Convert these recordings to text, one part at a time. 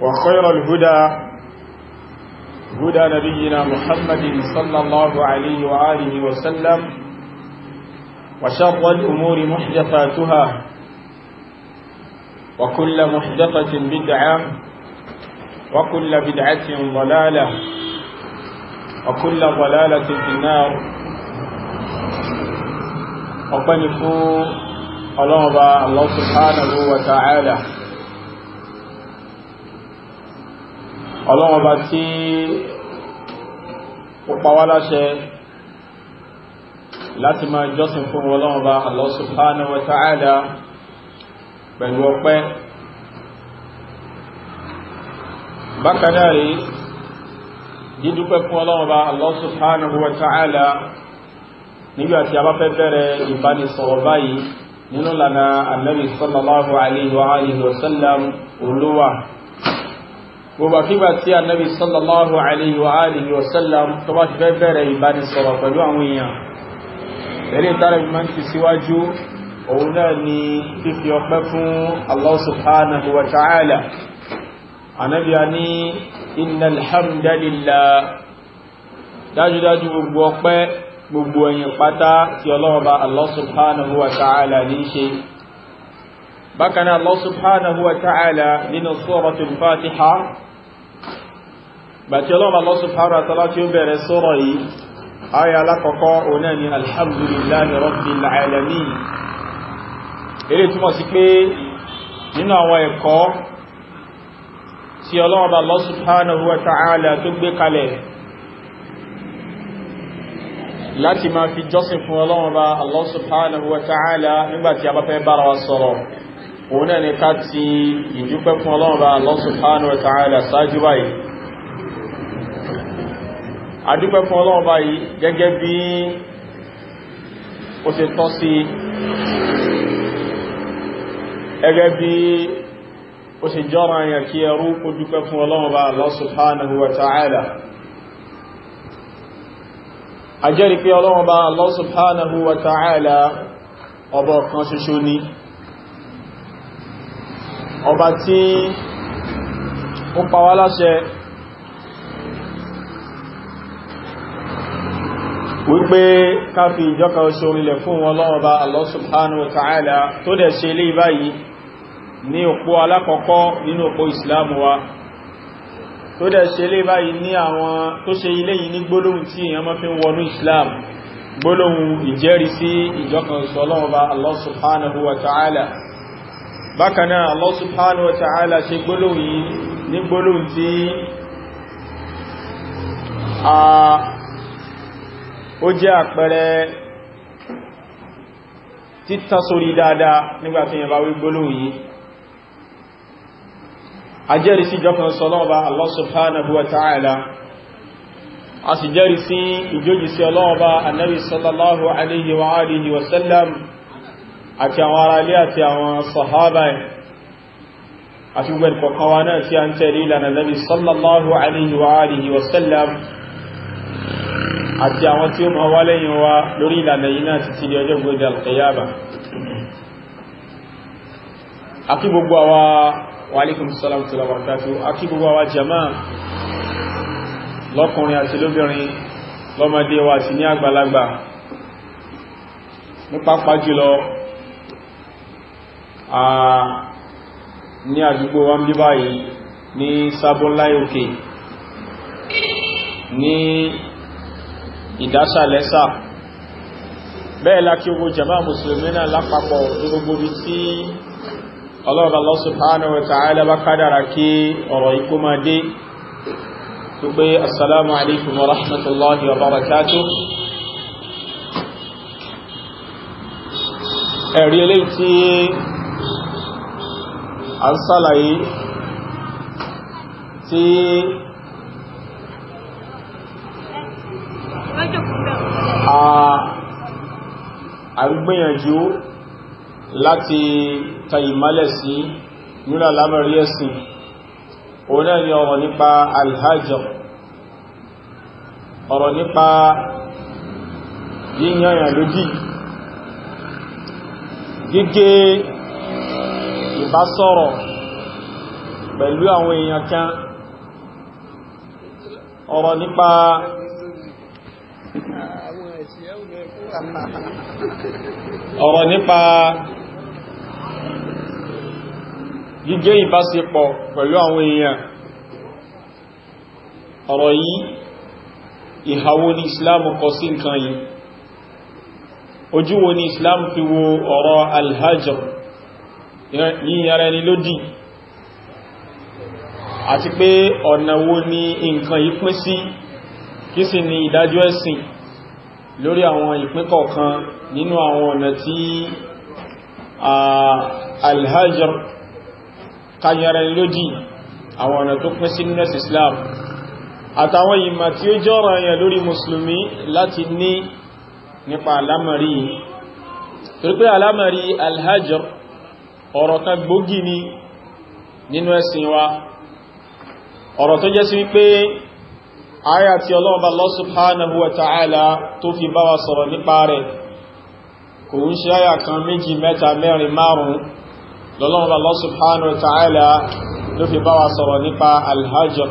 وخير الهدى هدى نبينا محمد صلى الله عليه وآله وسلم وشر الأمور محدثاتها وكل محدثة بدعة وكل بدعة ضلالة وكل ضلالة في النار وقنفوا الله سبحانه وتعالى ọlọ́wọ́ bá tí ó pàwà láṣẹ láti máa jọ́sìn fún ọlọ́wọ́ bá Allah subhanahu wa ta'ala pẹ̀lú ọpẹ́ bákanáàrí dídúpẹ́ fún ọlọ́wọ́ bá Allah subhanahu wa ta'ala nígbàtí a bá fẹ́ bẹ̀rẹ̀ ìbánisọ̀rọ̀ báyìí nínú lànà annabi sallallahu alaihi wa sallam olówà gbogbo kígbà tí annabi sallallahu alaihi wa alihi wa sallam tó bá ti fẹ́ bẹ̀rẹ̀ ìbánisọ̀rọ̀ pẹ̀lú àwọn èèyàn eré tààrà ìmọ̀ ti síwájú òun náà ni fífi ọpẹ́ fún Allah subhanahu wa ta'ala annabi a ní innal dájúdájú gbogbo ọpẹ́ gbogbo ẹ̀yìn pátá tí ọlọ́ọ̀bá Allah subhanahu wa ta'ala ní ṣe bákanáà Allah subhanahu wa ta'ala nínú suratul Fatiha bàtí ọlọ́run Allah subhanahu wa ta'ala tí ó bẹ̀rẹ̀ sọ́rọ̀ yìí ayà alákọ̀ọ́kọ́ ọ̀nà ni alhamdulillahi rabbil alamin eré túnmọ̀ sí pé nínú àwọn ẹ̀kọ́ tí ọlọ́run Allah subhanahu wa ta'ala tó gbé kalẹ̀ láti máa fi jọ́sìn fún ọlọ́run bá Allah subhanahu wa ta'ala nígbàtí ni ká ti ìdúpẹ́ fún ọlọ́run bá Allah subhanahu wa ta'ala sáájú báyìí adúpẹ́ fún Ọlọ́run bá yìí gẹ́gẹ́ bí ó ṣe tọ́ sí gẹ́gẹ́ bí ó ṣe jọ́ra yà kí ẹrú kó dúpẹ́ fún Ọlọ́run bá wa ta'ala ọba kan ṣoṣo ni ọba tí ó pa wípé ká fi ìjọka oṣorílẹ̀ fún ọlọ́ọ̀bá Allah subhanahu wa ta'ala tó dẹ̀ ṣe ilé báyìí ní òpó alákọ̀ọ́kọ́ nínú òpó ìsìláàmù wa tó dẹ̀ ṣe ilé báyìí ní àwọn tó ṣe ilé yìí ní gbólóhùn tí èèyàn máa fi ń wọnú ìsìláàmù gbólóhùn ìjẹ́rìsí ìjọka oṣorílẹ̀ ó jẹ́ àpẹẹrẹ títà sórí dáadáa nígbàtí yẹn bá wí gbólóhùn yìí a jẹ́rì sí jọkan sọlọ́ọ̀bá Allah subhanahu wa ta'ala a sì jẹ́rì sí ìjójì sí ọlọ́ọ̀bá annabi sallallahu alaihi wa alihi wa sallam àti àwọn ará ilé àti àwọn sahaba àti gbẹ̀rẹ̀ kọ̀kọ̀wa náà tí a ń tẹ̀lé ìlànà nabi sallallahu alaihi wa alihi wa sallam àti àwọn tí ó máa wá lẹ́yìn wa lórí ìlànà yìí náà títí di ọjọ́ gbogbo alkiyaba akí gbogbo àwa wa alaikum salam tí wọ́n kàtó akí gbogbo àwa jama'a lọ́kùnrin àti lóbìnrin lọ́mọdé wa àti ní àgbàlagbà ní pápá jùlọ ní àdúgbò wa ń bí báyìí ní sábọ́nláì òkè ní ìdásàlẹ́sà bẹ́ẹ̀ lákí ogun jama musulmi náà lápapọ̀ gbogbo bí tí Allah subhanahu wa ta'ala bá kádàrà kí ọ̀rọ̀ ikú máa dé tó pé assalamu alaikum wa rahmatullahi wa barakatuh ẹ̀rí ilé tí a ń sálàyé tí ń gbìyànjú láti ta ìmálẹ̀ sí nílà lámàrí ẹ̀sìn òun ni ọ̀rọ̀ nípa alhajjọ ọ̀rọ̀ nípa yíyanyàn lódì gígé ìbásọ̀rọ̀ pẹ̀lú àwọn èèyàn kan ọ̀rọ̀ nípa ọ̀rọ̀ nípa jíjẹ́ ìbáṣepọ̀ pẹ̀lú àwọn èèyàn ọ̀rọ̀ yìí ìhàwó ní islamu kọ sí nǹkan yìí ojú wo ni islam fi wo ọ̀rọ̀ alhajar ní yàrá ẹni lódì àti pé ọ̀nà wo ni nǹkan yìí pín sí kí sì ni ìdájọ́ ẹ̀sìn lórí àwọn ìpín kọ̀ọ̀kan nínú àwọn ọ̀nà tí a alhajar kanyara lójì àwọn ọ̀nà tó pín sí nínú islam àtàwọn ìmọ̀ tí ó jọ́rọ̀ yẹn lórí musulmi láti ní nípa alámàrí torí pé alámàrí alhajar ọ̀rọ̀ kan gbógi ni nínú ẹ̀sìn wa ọ̀rọ̀ tó jẹ́ sí wípé àyà tí ọlọ́ọ̀bá Allah subhanahu wa ta'ala tó fi bá wa sọ̀rọ̀ nípa rẹ̀ kò ń ṣe àyà kan méjì mẹ́ta mẹ́rin márùn-ún lọ́lọ́ọ̀bá Allah subhanahu wa ta'ala ló fi bá wa sọ̀rọ̀ nípa alhajar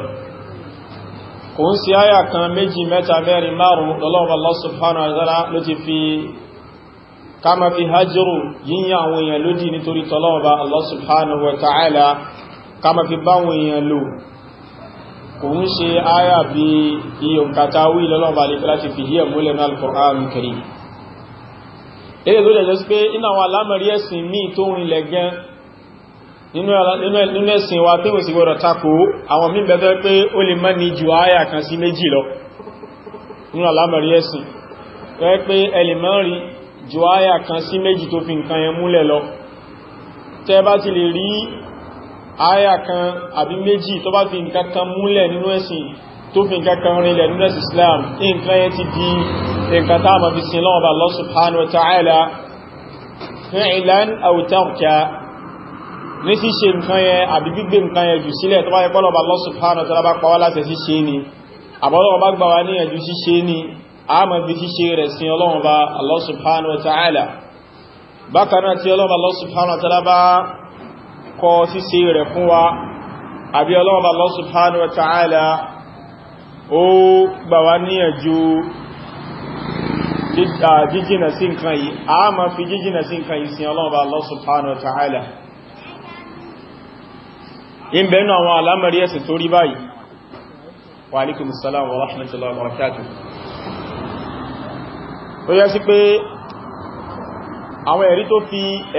kò ń ṣe àyà kan méjì mẹ́ta mẹ́rin márùn-ún lọ́lọ́ọ̀bá Allah subhanahu wa ta'ala kama fi hajjuru yíyan àwọn èèyàn lódì nítorí tọ́lọ́ọ̀bá Allah subhanahu wa ta'ala kama fi báwọn èèyàn lò kò ń ṣe áyà bí i òǹkàtà wí lọ́lọ́bà lè láti fi yíẹ̀ múlẹ̀ ní Al-Qur'an Karim ilé tó jẹjẹ sí pé inú àwọn alámọ̀rí ẹ̀sìn mí tó rinlẹ̀ gan nínú ẹ̀sìn wa tí ó sì gbọ́dọ̀ takò àwọn mí bẹ̀bẹ̀ pé ó lè mọ́ ní ju áyà kan sí méjì lọ nínú alámọ̀rí ẹ̀sìn àyà kan àbí méjì tó bá fi nǹkan kan múlẹ̀ nínú ẹ̀sìn tó fi nǹkan kan rinlẹ̀ nínú ẹ̀sìn Islam nǹkan yẹn ti di nǹkan tá a máa fi sin lọ́wọ́ bá Allah subhanahu wa ta'ala fi'lan aw tarka ní ṣíṣe nǹkan yẹn àbí gbígbé nǹkan yẹn jù sílẹ̀ tó bá yẹ pọ́lọ̀ bá Allah subhanahu wa ta'ala bá pa wá láti ṣíṣe ni àbọ́lọ́wọ́ bá gbà wá níyànjú ṣíṣe ni a máa fi ṣíṣe rẹ̀ sin ọlọ́run bá Allah subhanahu wa ta'ala bákan náà tí ọlọ́run bá Allah subhanahu wa bá kọ ṣíṣe rẹ̀ fún wa àbí ọlọ́ọ̀bà Allah subhanahu wa ta'ala ó gbà wá níyànjú jíjìnà sí nǹkan yìí a ma fi jíjìnà sí nǹkan yìí sí ọlọ́ọ̀bà Allah subhanahu wa ta'ala in bẹ̀nu àwọn alamari ẹsẹ̀ tó rí báyìí àwọn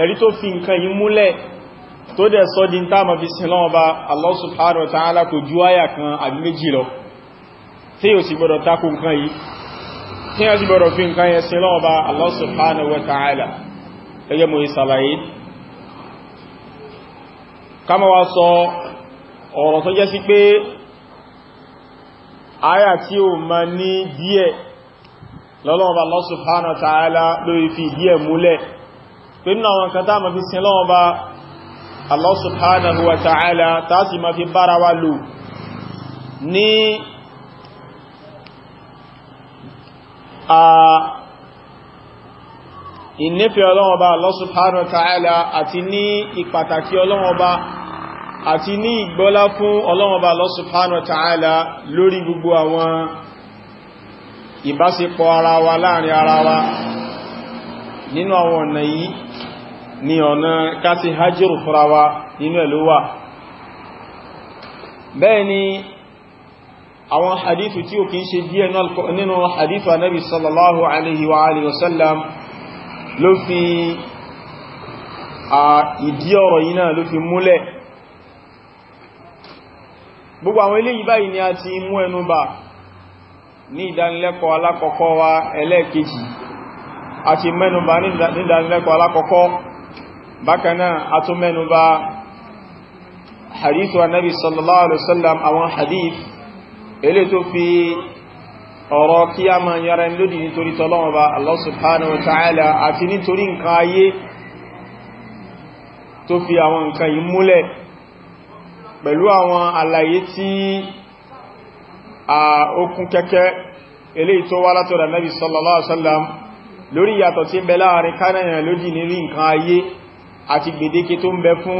ẹ̀rí tó fi nǹkan yìí múlẹ̀ tó dẹ̀ sọ di tá ma fi sin lọ́wọ́ bá Allah subhanahu wa ta'ala kò ju àyà kan àbí méjì lọ tí yóò sì gbọdọ̀ takò nǹkan yìí tí yóò sì gbọdọ̀ fi nǹkan yẹn sin lọ́wọ́ bá Allah subhanahu wa ta'ala ẹgbẹ́ mo ìsàlàyé kama wa àwọn kan tá ma fi sin lọ́wọ́ bá Allah subhanahu wa ta'ala tá sì máa fi bára wa lò ní ìnífẹ́ ọlọ́wọ́ Allah subhanahu wa ta'ala àti ní ìpàtàkì ọlọ́wọ́ àti ní ìgbọ́lá fún ọlọ́wọ́ Allah subhanahu wa ta'ala lórí gbogbo àwọn ìbáṣepọ̀ ara wa láàrin ara wa nínú àwọn ọ̀nà yìí ní ọ̀nà kásí hajjúrù fúra wa nínú ẹ̀lú wà bẹ́ẹ̀ ni àwọn hadithu tí ó kìí ṣe díẹ̀ nínú hadithu anábi sallallahu alaihi wa alihi wasallam ló fi a ìdí ọ̀rọ̀ yìí náà ló fi múlẹ̀ gbogbo àwọn eléyìí báyìí ni a ti mú ẹnu bà ní ìdánilẹ́kọ̀ọ́ alákọ̀ọ́kọ́ wa ẹlẹ́ẹ̀kejì a ti mẹ́nu bà ní ìdánilẹ́kọ̀ọ́ alákọ̀ọ́kọ́ bákanáà a tún mẹ́nubà hadithu annabi sallallahu alaihi wasallam àwọn hadith ilé tó fi ọ̀rọ̀ kí a máa yára ní lódì nítorí tọ́lọ́wọ́ bá Allah subhanahu wa ta'ala àti nítorí nǹkan ayé tó fi àwọn nǹkan yìí múlẹ̀ pẹ̀lú àwọn àlàyé tí a okun kẹ́kẹ́ ilé tó wá látọ̀dọ̀ Nabi sallallahu alaihi wasallam lórí yàtọ̀ tí ń bẹ láàrin kánàyàn lódì nírí nǹkan ayé àti gbèdéke tó ń bẹ fún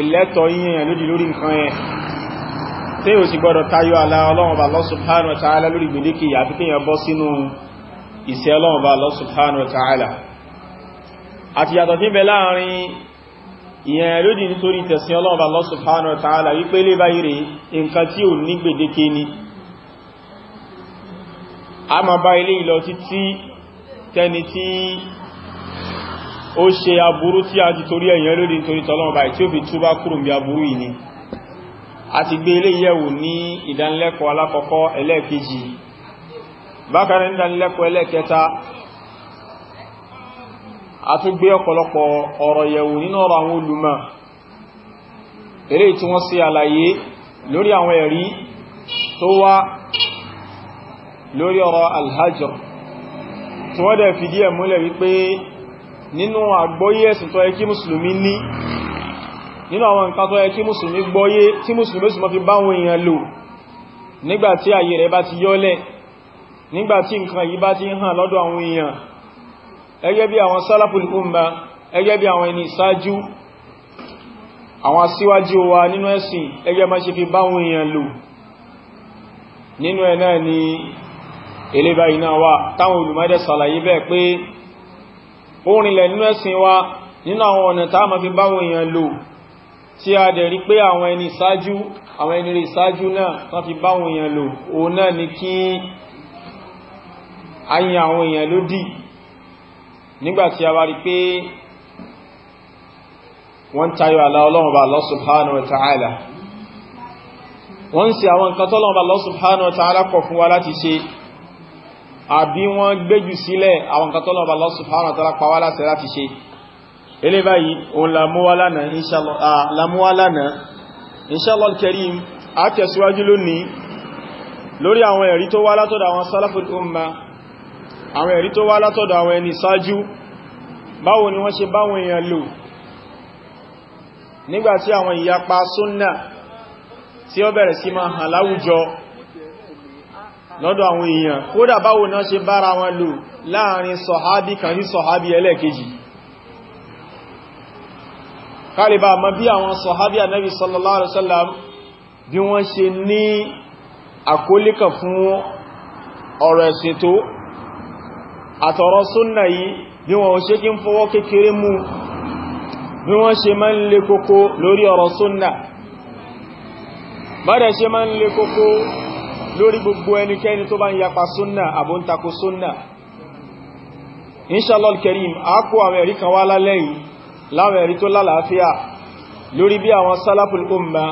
ìlẹ́tọ̀ yíyàn lódì lórí nǹkan yẹn tí ó sì gbọ́dọ̀ tayọ àlà Ọlọ́run Allah subhanahu wa ta'ala lórí gbèdéke àti kíyàn bọ́ sínú ìṣẹ́ Ọlọ́run Allah subhanahu wa ta'ala àti yàtọ̀ tí ni a máa bá ilé ó ṣe aburú tí a ti torí ẹ̀yàn lórí nítorí tọ́lọ́run báyìí tí ó fi túbá kúrò bí aburú yìí ni a ti gbé ilé yẹ̀wò ní ìdánilẹ́kọ̀ọ́ alákọ̀ọ́kọ́ ẹlẹ́ẹ̀kejì bákan náà ìdánilẹ́kọ̀ọ́ ẹlẹ́ẹ̀kẹta a tún gbé ọ̀pọ̀lọpọ̀ ọ̀rọ̀ yẹ̀wò nínú ọ̀rọ̀ àwọn olùmọ̀ eré tí wọ́n ṣe àlàyé lórí àwọn ẹ̀rí tó nínú àgbọ́yé ẹ̀sìn tó yẹ kí mùsùlùmí ní nínú àwọn nǹkan tó yẹ kí mùsùlùmí gbọ́yé tí mùsùlùmí sì mọ́ fi báwọn èèyàn lò nígbàtí ayé rẹ̀ bá ti yọ́lẹ̀ nígbàtí nǹkan yìí bá ti ń hàn lọ́dọ̀ àwọn èèyàn ẹgẹ́ bí àwọn sálàpù wa nínú ẹ̀sìn ẹgẹ́ má ṣe fi báwọn èèyàn lò nínú ẹ̀ náà ni eléba ó rinlẹ̀ nínú ẹ̀sìn wa nínú àwọn ọ̀nà tá a máa fi báwọn èèyàn lò tí a dẹ̀ rí pé àwọn ẹni ìsájú àwọn ẹni ìsájú náà tán fi báwọn èèyàn lò òun náà ni kí a àwọn èèyàn lódì nígbàtí a bá rí pé wọ́n tayọ àlà Ọlọ́run bá Allah subhanahu wa ta'ala wọ́n sì àwọn Allah subhanahu wa ta'ala kọ̀ fún wa láti ṣe àbí wọ́n gbéjù sílẹ̀ àwọn nǹkan tọ́lọ́ba Allah subhanahu wa ta'ala pa wá láti láti ṣe ilé báyìí òun lámúwálánà inshallah al-karim a tẹ̀síwájú lónìí lórí àwọn ẹ̀rí tó wá látọ̀dọ̀ àwọn salaful umma àwọn ẹ̀rí tó wá látọ̀dọ̀ àwọn ẹni sáájú báwo ni wọ́n ṣe báwọn èèyàn lò nígbàtí àwọn ìyapa súnnà tí ó bẹ̀rẹ̀ sí máa hàn láwùjọ lọ́dọ̀ àwọn èèyàn kódà báwo náà ṣe bára wọn lò láàrin sọ̀hábí kan ní sọ̀hábí ẹlẹ́ẹ̀kejì kálíbà mọ̀ bí àwọn sọ̀hábí ànábì sallallahu alaihi wasallam bí wọ́n ṣe ní àkólíkà fún ọ̀rọ̀ ẹ̀sìn tó àtọ̀rọ̀ súnnà yìí bí wọ́n ṣe kí ń fọwọ́ kékeré mú bí wọ́n ṣe máa ń le kókó lórí ọ̀rọ̀ súnnà bá dẹ̀ ṣe máa ń le kókó lórí gbogbo ẹnikẹ́ni tó bá ń yapa súnnà àbóntakò súnnà inshallah al-karim a kó àwọn ẹ̀rí kan wá lálẹ́yìn láwọn ẹ̀rí tó lálàáfíà lórí bí àwọn salaful umma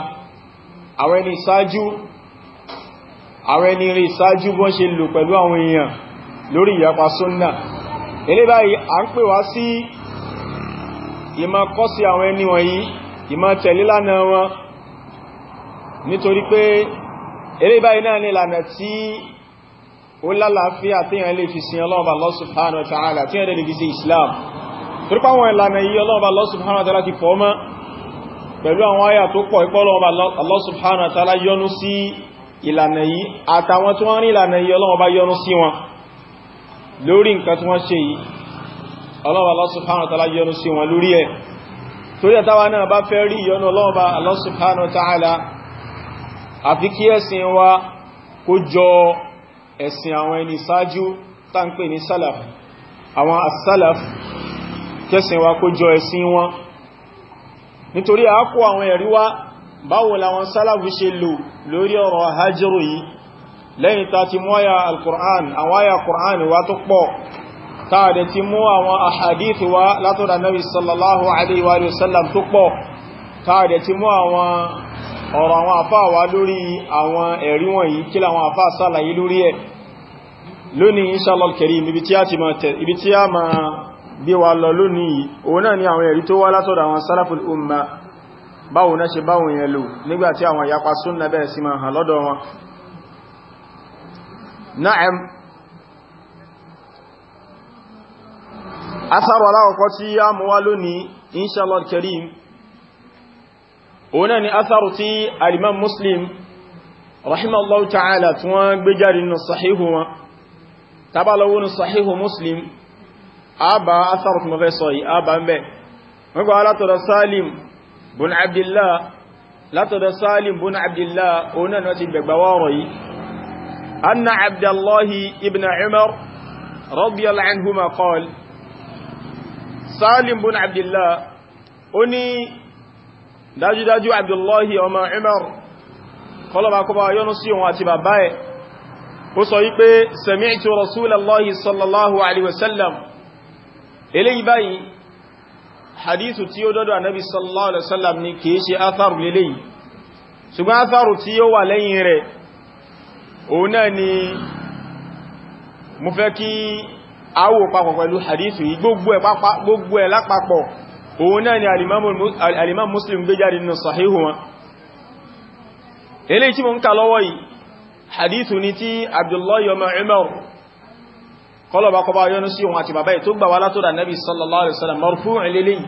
àwọn ẹni ìsájú àwọn ẹni rí ìsájú bọ́n ṣe lò pẹ̀lú àwọn èèyàn lórí ìyapa súnnà ilé báyìí a ń pè wá sí ìmá kọ́ sí àwọn ẹni wọ̀nyí ìmá tẹ̀lé wọn nítorí pé eré báyìí náà ní ìlànà tí ó lálàáfíà tí yàn lè fi sin ọlọ́ọ̀bà Allah subhanahu wa ta'ala tí yàn lè fi sin Islam torípa àwọn ìlànà yìí ọlọ́ọ̀bà Allah subhanahu wa ta'ala ti fọ́ mọ́ pẹ̀lú àwọn àyà tó pọ̀ ipọ́ ọlọ́ọ̀bà Allah subhanahu sí ìlànà yìí àfi kí ẹ̀sìn wa kó jọ ẹ̀sìn àwọn ẹni sáájú táǹpẹ̀ ní sálàf àwọn asálàf kẹsìn wa kó jọ ẹ̀sìn wọn nítorí a kó àwọn ẹ̀rí wá báwo làwọn sálàf ṣe lò lórí ọ̀rọ̀ hajjúrù yìí lẹ́yìn ta ti mú àyà al-Qur'an àwọn àyà wa tó pọ̀ táàdẹ ti mú àwọn àhàdíthì wa látọ̀dà nabi sallallahu alaihi wa sallam tó pọ̀ táàdẹ ti mú àwọn ọ̀rọ̀ àwọn àfá wà lórí àwọn ẹ̀rí wọ̀nyí kí láwọn àfá sàlàyé lórí ẹ̀ lónìí inshallah al-karim ibi tí a ma gbé wa lọ lónìí òun náà ni àwọn ẹ̀rí tó wá látọ̀dọ̀ àwọn salaful umma báwo náà ṣe báwọn yẹn lò nígbàtí ọ̀nà ni atharu tí al-imam muslim rahimahullahu ta'ala tí wọ́n gbé jáde nínú sahihu wọn tabalawo ní sahihu muslim àbá atharu tí mo fẹ́ sọ yìí àbá ń bẹ wọ́n gbá látọ̀dọ̀ salim bun abdillah látọ̀dọ̀ salim bun abdillah ọ̀nà ni wọ́n ti gbẹ̀gbà wọ́rọ̀ yìí anna abdallahi ibn umar radiyallahu anhuma qala salim bun abdillah ó dájúdájú abdullahi ọmọ umar kọlọ̀bà kọba yọ́nú sí òun àti bàbá ẹ̀ ó sọ wípé sami'tu rasulallahi sallallahu alaihi wasallam eléyìí báyìí hadithu tí ó dọ́dọ̀ anabi sallallahu alaihi wasallam ni kìí ṣe atharu lélẹ́yìí ṣùgbọ́n atharu tí ó wà lẹ́yìn rẹ̀ òun náà òun náà ni alimam muslim gbé jáde nínú sahihu wọn eléyìí tí mo ń kà lọ́wọ́ yìí hadithu ni tí abdullahi ọmọ umar kọlọ̀bá kọba yọnu sí òun àti bàbá ẹ̀ tó gbà wá látọ́dà nabi sallallahu alaihi wasallam marfu' eléyìí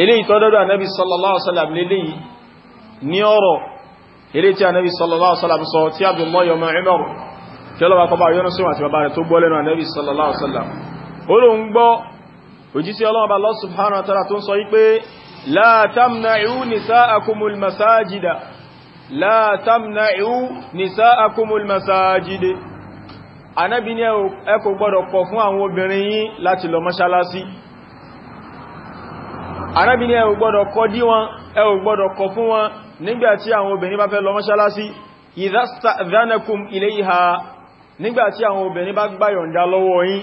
eléyìí tó dọ́dọ̀ nabi sallallahu alaihi wasallam léléyìí ní ọ̀rọ̀ eléyìí tí nabi sallallahu alaihi wasallam sọ tí abdullahi ọmọ umar kọba yọnu sí òun àti bàbá rẹ̀ tó gbọ́ lẹ́nu nabi sallallahu alaihi wasallam òjísí ọlọ́ọ̀bá Allah subhanahu wa ta'ala tó ń sọ wípé la tamna'u nisa'akumul masajida la tamna'u nisa'akumul masajide anábi ní ẹ kò gbọ́dọ̀ kọ̀ fún àwọn obìnrin yín láti lọ mọ́ṣálásí anábi ní ẹ kò gbọ́dọ̀ dí wọn ẹ kò gbọ́dọ̀ fún wọn nígbàtí àwọn obìnrin bá fẹ́ lọ mọ́ṣálásí idha sta'dhanakum ilayha nígbàtí àwọn obìnrin bá gbà lọ́wọ́ yín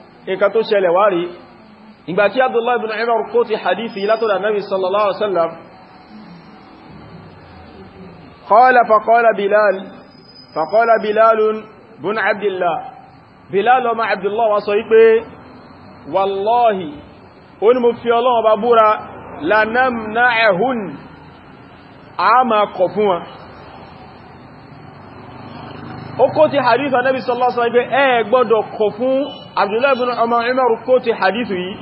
nǹkan tó ṣẹlẹ̀ wá rí ìgbà tí Abdullah ibn Umar kó ti hadithi látọ̀dà Nabi sallallahu alaihi wasallam qala faqala Bilal faqala Bilalun bun Abdillah Bilal ọmọ Abdullah wá sọ wípé wallahi ó ní mo fi Ọlọ́run bá búra lanamna'ahun a máa kọ̀ fún wọn ó kó ti hadith Nabi sallallahu alaihi wasallam ẹ gbọ́dọ̀ kọ̀ fún Abdullahi bin Umar kó ti hadithu yìí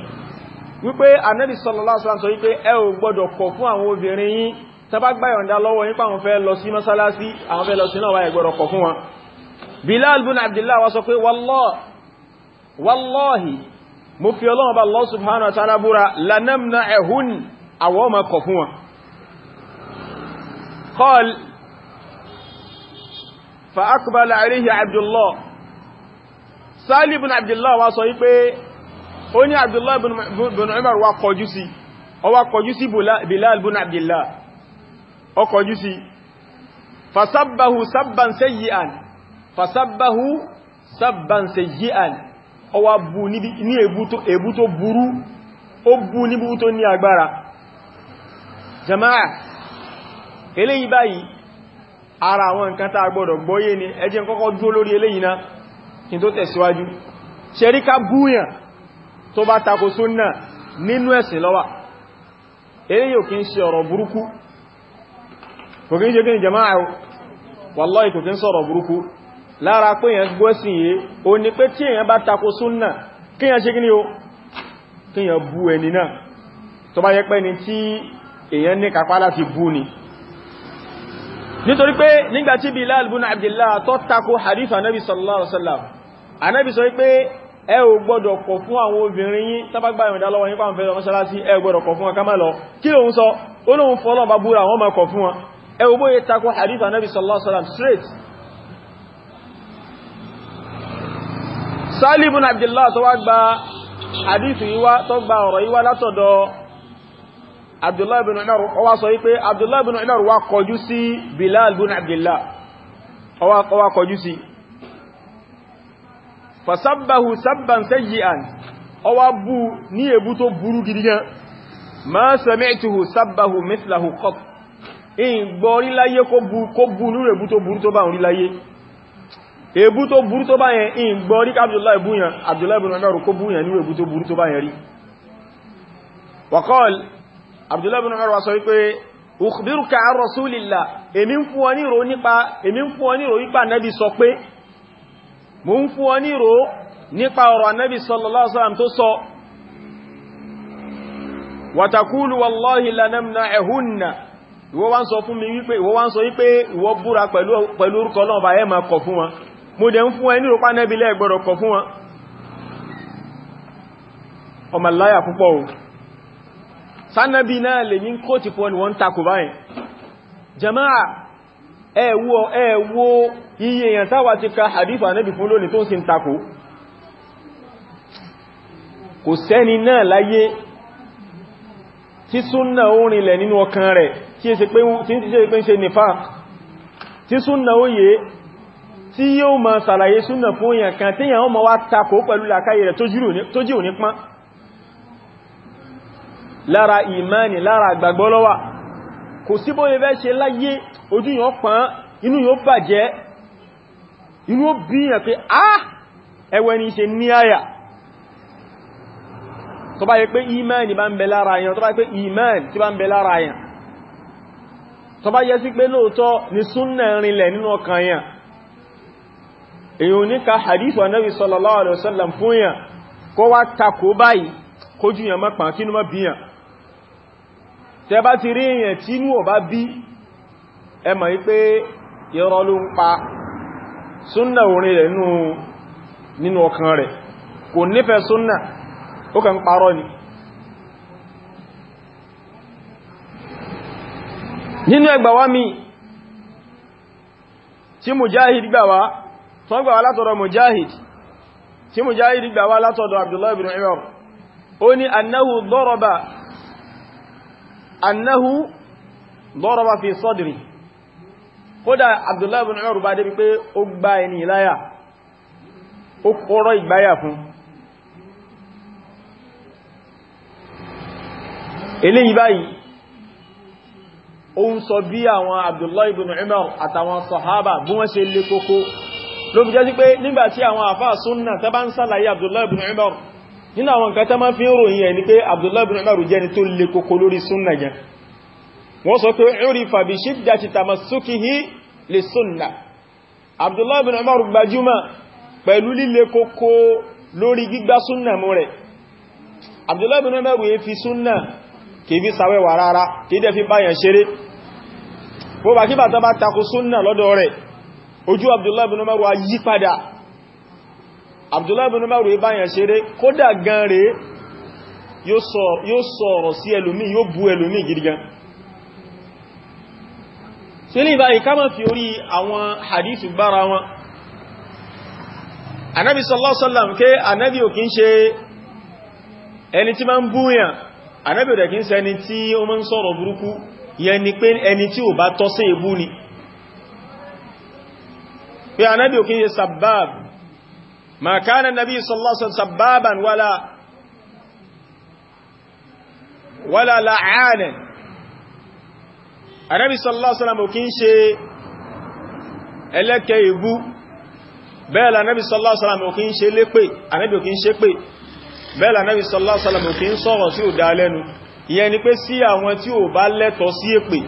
wípé Ànábì sallallahu alaihi wasallam sọ wípé ẹ ò gbọ́dọ̀ kọ̀ fún àwọn obìnrin yín tàbá gbáyọ̀ndá lọ́wọ́ yín pàwọn fẹ́ lọ sí mọ́sálásí àwọn fẹ́ lọ sí náà wà ẹ gbọ́dọ̀ kọ̀ fún wọn Bilal bin Abdullah wá sọ pé wallahi mo fi Ọlọ́run bá Allah sáàlì ibn abdullahi wa sọ wípé ó ní abdullahi ibn umar wa kọjú sí ó wá kọjú sí bilal ibn abdullahi ó kọjú sí fasabbahu sabban sayyi'an fasabbahu sabban sayyi'an ó wá bú ní èbú tó burú ó bú níbú tó ní agbára jama'a eléyìí báyìí ara àwọn nǹkan tá a gbọ́yé ni ẹ kọ́kọ́ dúó lórí eléyìí náà kí n tó tẹ̀síwájú ṣeríká búyàn tó bá tako súnnà nínú ẹ̀sìn lọ́wà eléyìí ò kí ń ṣe ọ̀rọ̀ burúkú kò kí ń ṣe kí ní jama'a wallahi kò kí ń sọ̀rọ̀ burúkú lára pé èyàn gbọ́sìn yìí o ní pé tí èyàn bá tako súnnà kí èyàn ṣe kí ní o kí èyàn bú ẹni náà tó bá yẹ pé ni tí èyàn ní kápá láti bú ni nítorí pé nígbàtí Bilal bun Abdillah tó tako hadith anabi sallallahu alaihi wasallam anábi sọ pé ẹ ò gbọ́dọ̀ kọ̀ fún àwọn obìnrin yín tábàgbà ìrìnlá lọ́wọ́ yín pàmfẹ́ lọ mọ́ṣálásí ẹ gbọ́dọ̀ kọ̀ fún wọn kámà lọ kí lóun sọ ó lóun fọ́lọ́ bá búra àwọn máa kọ̀ fún wọn ẹ ò bóyẹ takò hadith anábi sallallahu alaihi wasallam straight sálìbùn abdullah tó wá gba hadith yìí wá tó gba ọ̀rọ̀ yìí wá látọ̀dọ̀ fasabbahu sabban sayyi'an ó wá bú ní èébú tó burú gidi gan ma sami'tuhu sabbahu mithlahu qat in gbọ́ ríláyé kó bú kó bú lúrò èébú tó burú tó bá ń ríláyé èébú tó burú tó bá yẹn in gbọ́ rí kábdùlá ìbú yẹn Abdullah ibn Umar kó bú yẹn lúrò èébú tó burú tó bá yẹn rí wa qala Abdullah ibn Umar wá sọ wípé ukhbiruka an rasulillah èmi ń fún ọ ní ìrò nípa èmi ń fún ọ ní ìrò mo ń fún ọ ní ìró nípa ọ̀rọ̀ anábì sallallahu alaihi wasallam tó sọ wàtàkùlù wallahi lanamna ẹ̀húnnà ìwọ wá ń sọ fún mi wípé ìwọ wá ń sọ wípé ìwọ búra pẹ̀lú orúkọ náà bá ẹ ẹ̀wọ́ ẹ̀wọ́ iye èèyàn táwà ti ka hadith ànábì fún lónìí tó sì ń takò kò sẹ́ni náà láyé tí súnnà ó rinlẹ̀ nínú ọkàn rẹ̀ tí é ṣe pé ń ṣe nìfà tí súnnà ó yé tí yóò ma sàlàyé súnnà fún èèyàn kan tí èèyàn ma wá takò pẹ̀lú làkáyè rẹ̀ tó jì ò pán lára ìmáni lára àgbàgbọ́lọ́wà kò sí bó ẹbẹ́ ṣe láyé ojú yàn pán inú yóò bàjẹ́ inú ó bí yàn pé á ah, ẹwẹ́ ni ṣe ní àyà tó bá yẹ pé imani bá ń bẹ lára yàn tó bá yẹ pé imani tí bá ń bẹ lára yàn tó bá yẹ sí pé lóòótọ́ ni súnnà rinlẹ̀ nínú ọkàn yàn èyàn ní ka hadithu anábi sallallahu fún yàn kó wá takò báyìí kójú yàn mọ́ pàn kínú mọ́ bíyàn tẹ bá ti rí èyàn tí inú ò bá bí ẹ mọ̀ wípé irọ́ ló ń pa súnnà orin rẹ̀ nínú ọkàn rẹ̀ kò nífẹ̀ẹ́ súnnà ó kàn parọ́ ni nínú ẹgbàwá mi tí mujahid gbàwá tán gbàwá látọ̀dọ̀ mujahid tí mujahid gbàwá látọ̀dọ̀ abdullahi bin umar ó ní annahu daraba annahu daraba fi sadri kódà abdullahi bin umar bá débi pé ó gbá ẹni ìláyà ó kọ́rọ̀ ìgbáyà fún eléyìí báyìí ó ń sọ bí àwọn abdullahi bin umar àtàwọn sahaba bí wọ́n ṣe lè kókó ló bí jẹ́ sí pé nígbàtí àwọn àfáà súnnà tẹ́bá ń sálàyé abdullahi bin umar nínú àwọn nǹkan tá máa fi ń ròyìn ẹ̀ ni pé Abdullahi bin Umar jẹ́ni tó le koko lórí súnnà yẹn wọ́n sọ pé urifa bi shiddati tamassukihi li súnnà Abdullahi bin Umar gbajúmọ̀ pẹ̀lú líle koko lórí gbígbá súnnà mú rẹ̀ bin Umar yẹ fi súnnà kìí fi sàwẹ́wà rárá kìí dẹ̀ fi báyàn ṣeré bó bá kí bàtà bin Umar yí padà Abdullahi bin Umar báyàn ṣeré kódà gan rẹ̀ yóò sọ̀rọ̀ sí ẹlòmí yóò bú ẹlòmí gidigan ṣe ní ìbáyìí ká má fi orí àwọn hadithu bára wọn anábi sallallahu alaihi wasallam ké anábi ò kí ń ṣe ẹni tí ma ń búyàn anábi ò dẹ̀ kí ń ṣe ẹni tí ó ma ń sọ̀rọ̀ burúkú yẹn ni pé ẹni tí ò bá tọ́ sí ìbú ni pé anábi ò kí ń ṣe sabab ما كان النبي صلى الله عليه وسلم سبابا ولا ولا لعانا النبي صلى الله عليه وسلم وكين شيء ẹlẹ́kẹ̀ ìbú bẹ́ẹ̀ lànẹ́bí sallallahu alaihi wasallam òkín ṣe lépè ànẹ́bí òkín ṣe pè bẹ́ẹ̀ lànẹ́bí sallallahu alaihi wasallam òkín sọ̀rọ̀ sí ò dá lẹ́nu ìyẹn ni pé sí àwọn tí ò bá lẹ́tọ̀ sí èpè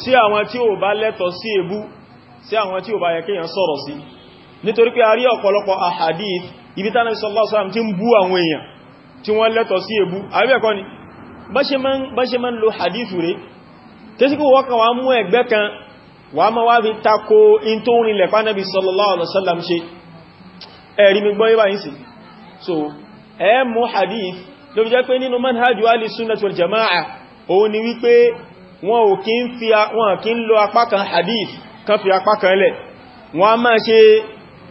sí àwọn tí ò bá lẹ́tọ̀ sí èbú sí àwọn tí ò bá yẹ kéèyàn sọ̀rọ̀ sí nítorí pé a rí ọ̀pọ̀lọpọ̀ ahadith ibi tánà sallallahu alaihi wasallam tí ń bú àwọn èèyàn tí wọ́n lẹ́tọ̀ sí èbú àríwẹ̀kọ́ ni bá ṣe mọ́ lo hadith rẹ̀ tẹ́síkò wọ́kàn wá mú ẹgbẹ́ kan wà má wá fi tako in tó rinlẹ̀ pánàbí sallallahu alaihi wasallam ṣe ẹ̀rí mi gbọ́ yíba yìí sí so ẹ mú hadith ló fi jẹ́ pé nínú manhaj wali sunnah kan wọ́n máa ṣe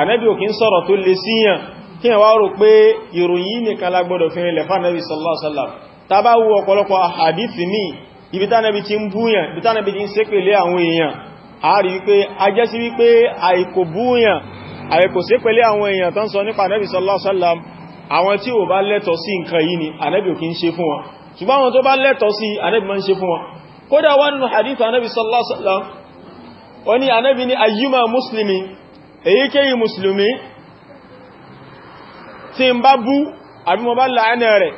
ànábì òkín sọ̀rọ̀ tó lè síyàn kí wá rò pé ìròyìn nìkan lágbọ́dọ̀ fi rìnlẹ̀ fánàbí sallallahu alaihi wasallam ta bá wo ọ̀pọ̀lọpọ̀ àdífì ní ibi tánàbí ti ń búyàn ibi tánàbí ti ń sépèlé àwọn èèyàn a rí wípé a jẹ́ sí wípé àìkò búyàn àìkò sépèlé àwọn èèyàn tán sọ nípa ànábì sallallahu alaihi wasallam àwọn tí ò bá lẹ́tọ̀ sí nǹkan yìí ni ànábì èyíkéyìí mùsùlùmí tí ń bá bú àbí mo bá láàánà rẹ̀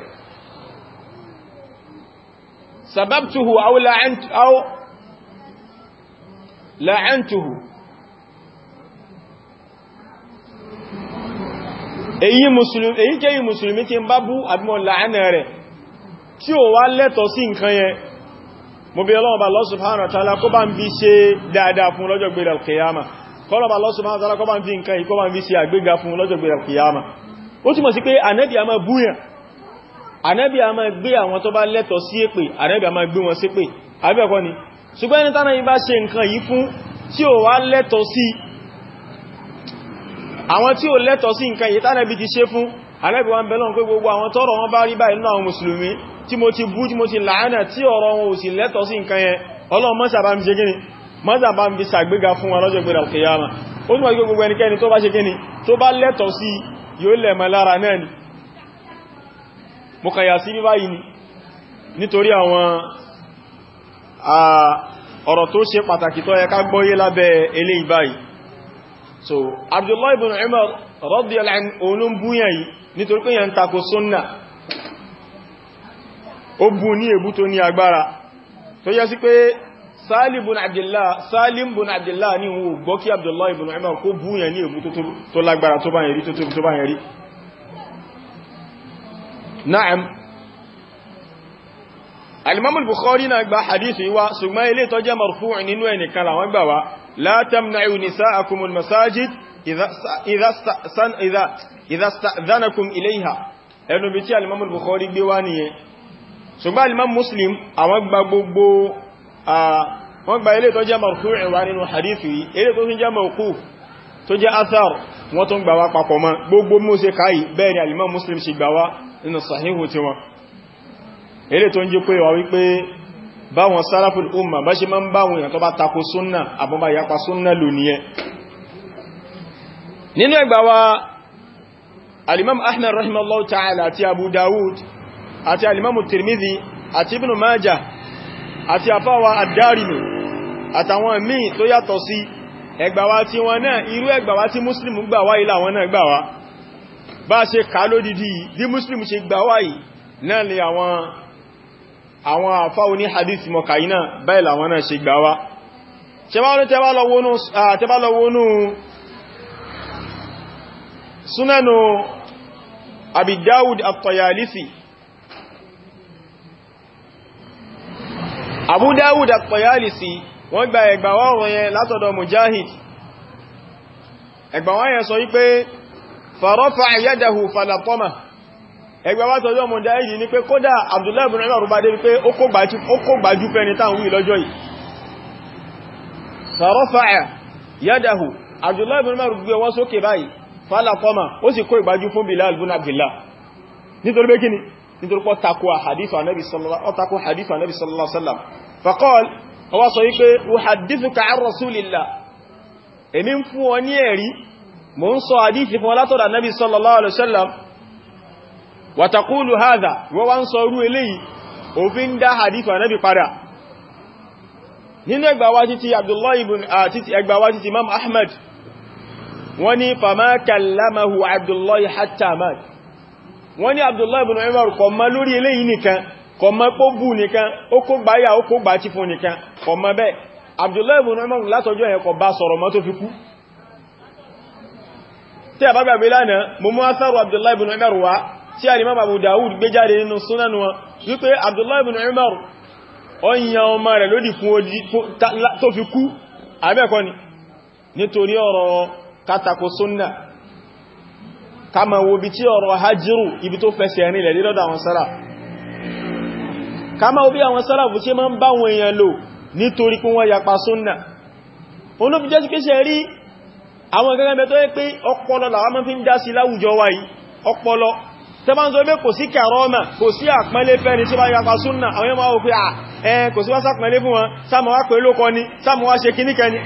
sababtuhu aw láàántuhu èyíkéyìí mùsùlùmí tí ń bá bú àbí mo láàánà rẹ̀ tí ó wá lẹ́tọ̀ sí nǹkan yẹn mo bí ọlọ́ọ̀bá Allah subhanahu wa ta'ala kó bá ń bí ṣe dáadáa fún lọ́jọ́ gbé al kọ́lọ̀bà lọ́sùn máa tàrà kọ́bà ń fi nǹkan ìkọ́bà ń fi ṣe àgbéga fún lọ́jọ́ gbèrè kìyàmà ó túnmọ̀ sí pé ànẹ́bì a máa búyàn ànẹ́bì a máa gbé àwọn tó bá lẹ́tọ̀ sí èpè ànẹ́bì a máa gbé wọn sí pè àbẹ́ẹ̀kọ́ ni ṣùgbọ́n ẹni tánà yìí bá ṣe nǹkan yìí fún tí ò wá lẹ́tọ̀ sí àwọn tí ò lẹ́tọ̀ sí nǹkan yìí tánàbì ti ṣe fún ànẹ́bì wa ń bẹ̀lọ́n pé gbogbo àwọn tọ́rọ̀ wọn bá rí báyìí nínú àwọn mùsùlùmí tí mo ti bú tí mo ti làánà tí ọ̀rọ̀ wọn ò sì lẹ́tọ̀ sí nǹkan yẹn ọlọ́run mọ́sà bá ń fi sàgbéga fún ọlọ́jọ́ gbẹ̀rẹ̀ alkiyama ó ní wáyé gbogbo ẹnikẹ́ni tó bá ṣe kíni tó bá lẹ́tọ̀ sí yóò lẹ̀mọ̀ lára náà ni mo kàyà sí bí báyìí ni nítorí àwọn ọ̀rọ̀ tó ṣe pàtàkì tó yẹ gbọ́yé lábẹ́ eléyìí báyìí so Abdullahi ibn Umar radiyallahu anhu òun bú yẹn yìí nítorí pé yẹn ń tako sunna Salim bin Abdullah Salim bin Abdullah ní òun gbọ́ kí Abdullah ibn Umar kó bú yẹn ní èbú tó lágbára tó bá yẹn rí tó tóbi tó bá yẹn rí na'am al-Imam al-Bukhari náà gba hadithi wa ṣùgbọ́n ilé tó jẹ́ marfu' nínú ẹnìkan làwọn gbà wá la tamna'u nisa'akum al-masajid idha sta'dhanakum ilayha ẹnu bí tí al bukhari gbé wá nìyẹn ṣùgbọ́n al Muslim àwọn gba gbogbo wọ́n gba ilé tó jẹ́ marfu' wá nínú hadithi ilé tó jẹ́ mawquf tó jẹ́ athar wọ́n tó ń gbà wá papọ̀ mọ́ gbogbo mú sí káyì bẹ́ẹ̀ ni al-Imam Muslim sì gbà wá nínú sahihu ti wọn ilé tó ń jẹ́ pé wà wípé báwọn salaful umma bá ṣe máa ń báwọn èèyàn tó bá tako súnnà àti àfáwà àdárìmì àtàwọn míì tó yàtọ̀ sí ẹgbàwá tí wọn náà irú ẹgbàwá tí muslim gbà wá ilá wọn náà gbà wá bá ṣe ká lódìdí bí muslim ṣe gbà wá yìí náà lè àwọn àwọn àfá oní hadith mọ̀kàí náà báyìí làwọn náà ṣe gbà wá tẹbálọwọ́nú súnánù àbìdáwùd Abu Dawud at-Tayalisi wọ́n gba ẹgbà ọ̀rọ̀ yẹn látọ̀dọ̀ Mujahid ẹgbà wọ́n yẹn sọ wípé farafa yadahu falatọ́mà ẹgbà wá tọ́jọ́ Mujahid ní pé kódà Abdullah ibn Umar bá dé wípé ó kó gbájú fẹ́ni táwọn wí lọ́jọ́ yìí farafa yadahu Abdullah ibn Umar gbé wọ́n sókè báyìí falatọ́mà ó sì kó ìgbájú nítorí pọ́ takò hadith Ànábì sallallahu sallam faqal ó wá sọ wípé uhadithuka an rasulillah èmi ń fún ọ ní ẹ̀rí mo ń sọ hadith fún látọ̀dọ̀ Ànábì sallallahu alaihi wasallam wa taqulu hadha wọ́n wá ń sọ orú eléyìí òfin dá hadith Ànábì padà nínú ẹgbàwá títí Abdullahi ibn àti ẹgbàwá títí Imam Ahmad wọ́n ní fama kallamahu Abdullahi hatta mat wọ́n ní Abdullahi ibn Umar kò mọ́ lórí eléyìí nìkan kò mọ́ pó bú nìkan ó kó gbáyà ó kó gbá tí fún nìkan kò mọ́ bẹ́ẹ̀ Abdullahi ibn Umar látọjọ́ yẹn kò bá sọ̀rọ̀ mọ́ tó fi kú tí a bá gbàgbé lánàá mo mú asáru Abdullahi ibn Umar wá tí a rí mọ́ Kama ma wo bí tí ọ̀rọ̀ hajjiru ibi tó fẹsẹ̀ rìn lẹ̀ lọ́dọ̀ àwọn sára ká ma wo bí àwọn sára bú tí ma ń bá wọn èèyàn lò nítorí pé wọ́n yapa súnnà òun ló fi jẹ́ sí pé ṣe rí àwọn gẹ́gẹ́ bẹ́ tó yẹ pé ọpọlọ làwọn máa fi ń dá sí láwùjọ wa yìí ọpọlọ tẹ́ bá ń sọ pé kò sí kàrọ́mà kò sí àpẹẹlẹ fẹ́ni tí bá yapa súnnà àwọn yẹn máa wò pé à ẹ kò sí wá sápẹẹlẹ fún wọn sáàmù wá pẹ̀lú kọ ni sáàmù wá ṣe kíníkẹni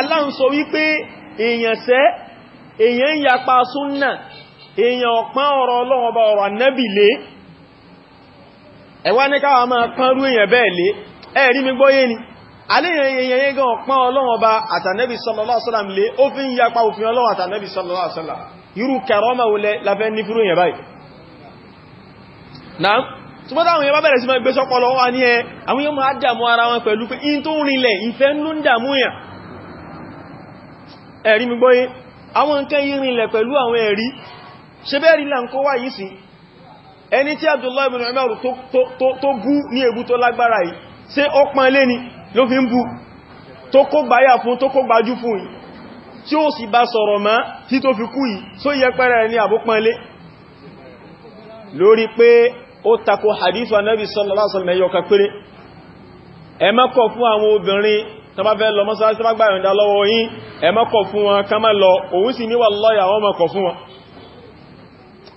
aláǹsọ wípé èèyàn sẹ́ èyàn ń yapa súnnà èyàn ọ̀pán ọ̀rọ̀ ọlọ́wọ́ bá ọ̀rọ̀ ànábì lé ẹ̀wá ní káwà máa pán rú èyàn bẹ́ẹ̀ lé ẹ̀rí mi gbọ́yé ni aléyàn èyàn yẹ́ gan ọ̀pán ọlọ́wọ́ bá àtànẹ́bì sallallahu alaihi lé yapa òfin ọlọ́wọ́ àtànẹ́bì sallallahu alaihi àwọn nǹkan yìí rìnlẹ̀ pẹ̀lú àwọn ẹ̀rí ṣe bẹ́ẹ̀ rí là ń kó wá yìí sí ẹni tí Abdullahi ibn Umar tó bú ní èbú tó lágbára yìí ṣé ó pọn lé ni ló fi ń bú tó kó gbáyà fún tó kó gbájú fún yìí tí ó sì bá sọ̀rọ̀ mọ́ tí tó fi kú yìí só yẹpẹrẹ hadith wa nabi sallallahu alaihi wasallam ẹ̀yọ̀kà péré ẹ má kọ̀ fún àwọn obìnrin tán bá fẹ́ lọ mọ́sálásí tán bá gbà yọ̀ǹda lọ́wọ́ yín ẹ má kọ̀ fún wọn ká má lọ òun sì ní wallahi àwọn má kọ̀ fún wọn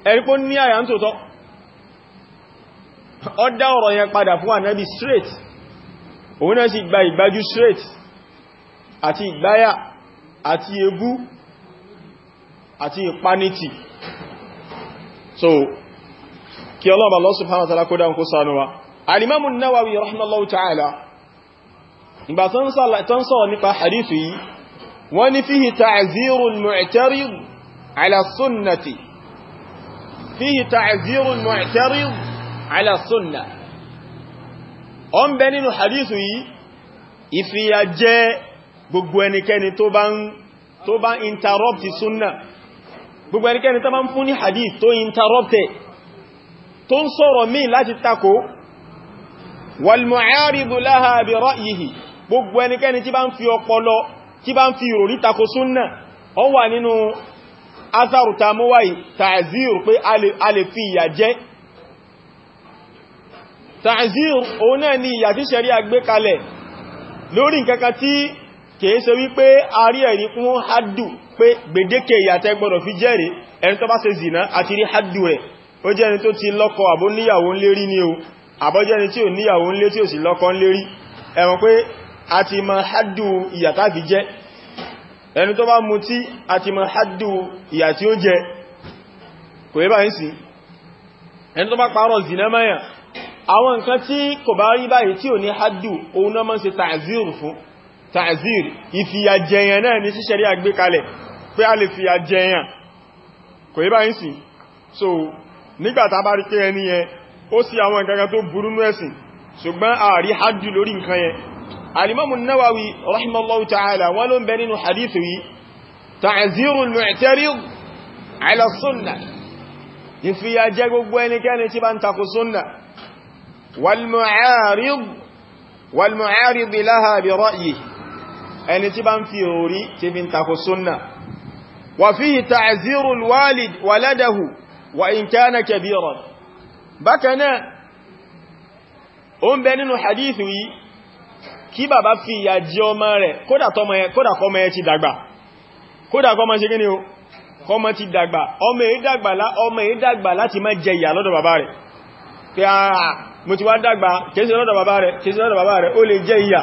ẹ̀rí pó ní àyà ń tòótọ́ ọ dá ọ̀rọ̀ yẹn padà fún ànábì straight òun náà sì gba ìgbájú straight àti ìgbáyà so kí ọlọ́ọ̀bà Allah subhanahu wa ta'ala kó dáhùn kó ṣàánú ìgbà tó ń sọ̀rọ̀ nípa hadithi yìí wọ́n ní fíhì ta'zirul mu'tarid ala sunnati fíhì ta'zirul mu'tarid ala sunna ọ ń bẹ nínú hadithi yìí ìfìyà jẹ gbogbo ẹnikẹni tó bá ń interrupt sunna gbogbo ẹnikẹni tó bá ń fún ní hadith tó interrupt tó ń sọ̀rọ̀ míì láti tako wal mu'aridu laha bi ra'yihi gbogbo ẹnikẹ́ni tí bá ń fi ọpọlọ tí bá ń fi ìròrí tako súnnà ó wà nínú azaruta mọ́wàí ta'zir pé a lè fi ìyà jẹ́ ta'zir òun náà ni ìyà tí ṣẹ̀rí àgbé kalẹ̀ lórí nǹkankan tí kìí ṣe wípé a rí ẹ̀rí fún haddu pé gbèdéke ìyà tẹ́ gbọ́dọ̀ fi jẹ́rìí ẹni tó bá ṣe zìnà àti rí haddu rẹ̀ ó jẹ́ ẹni tó ti lọ́kọ àbó níyàwó ń lérí ní o àbọ́jẹ́ ẹni tí ò níyàwó ń lé tí ò sì lọ́kọ ń lérí ẹ̀wọ̀n pé àti ma haddu ìyà tàbí jẹ́ ẹni tó bá mutí àti ma haddu ìyà tí ó jẹ kò yẹ báyìí sí ẹni tó bá parọ́ zina mẹ́yà àwọn nǹkan tí kò bá rí báyìí tí ò ní haddu òun náà mọ́ sí ta'zir fún ta'zir ìfìyà jẹyàn náà ní ṣíṣẹ́rí àgbékalẹ̀ pé a lè fìyà jẹyàn kò yẹ báyìí sí so nígbàtà bá rí pé ẹni yẹn ó sì àwọn nǹkan kan tó burú nú ẹ̀sìn ṣùgbọ́n ààrí haddu lórí nǹkan yẹn alimamu nawawi rahimallahu ta'ala wọ́n ló ń bẹ nínú hadith yìí ta'zirul mu'tarid ala sunna ìfìyà jẹ gbogbo ẹnikẹ́ni tí bá ń takò sunna wal mu'arid wal mu'arid laha bi ra'yi ẹni tí bá ń fi orí tí fi ń takò sunna wa fihi ta'zirul walid waladahu wa in kana kabiran bákanáà ó ń bẹ nínú hadith yìí kí bàbá fi ìyà jẹ ọmọ rẹ̀ kódà kọmọ ẹ ti dàgbà kódà ṣe gíní o kọmọ ti dàgbà ọmọ èé dàgbà láti má jẹ ìyà lọ́dọ̀ bàbá rẹ̀ pé àà mo ti wá dàgbà kèsì lọ́dọ̀ bàbá rẹ̀ kèsì lọ́dọ̀ bàbá rẹ̀ ó lè jẹ ìyà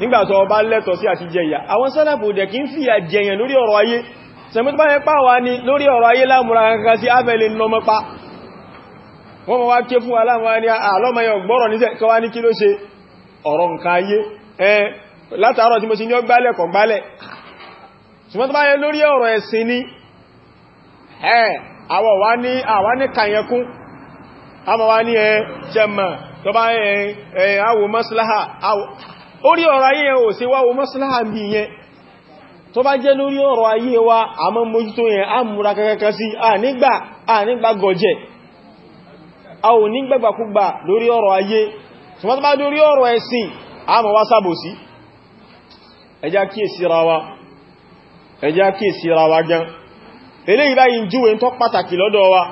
nígbàtọ̀ ọba lẹ́tọ̀ sí àti jẹ ìyà àwọn sálàpù dẹ̀ kí ń fi ìyà jẹyàn lórí ọ̀rọ̀ ayé sẹ̀mú tó bá yẹn pàwà ní lórí ọ̀rọ̀ ayé lámùra kankan sí abẹ́lẹ̀ nọmọ pa wọ́n mọ̀ wá ké fún aláàmọ́ ní àlọ́mọ yẹn gbọ́rọ̀ níṣẹ́ ọ̀rọ̀ nǹkan ayé ẹ látàárọ̀ tí mo ti ní ọ gbálẹ̀ kọ̀ gbálẹ̀ ṣùgbọ́n tó bá yẹ lórí ọ̀rọ̀ ẹ̀sìn ni ẹ àwọ̀ wá ní àwá ní kàyẹkún àmọ́ wá ní ẹ jẹmọ̀ tó bá ẹ àwò mọ́síláhà orí ọ̀rọ̀ ayé ò sí wáwò mọ́síláhà wa àmọ́ mójútó yẹn á múra kankan sí ànígbà ànígbà gọ̀jẹ̀ a ò nígbàgbàkúgbà lórí ọ̀rọ̀ ayé ṣùgbọ́n tó bá dórí ọ̀rọ̀ ẹ̀sìn àmọ́ wá sábòsí ẹjá kíyèsíra wa ẹjá kíyèsíra wa gan eléyìí báyìí ń júwe tó pàtàkì lọ́dọ̀ wa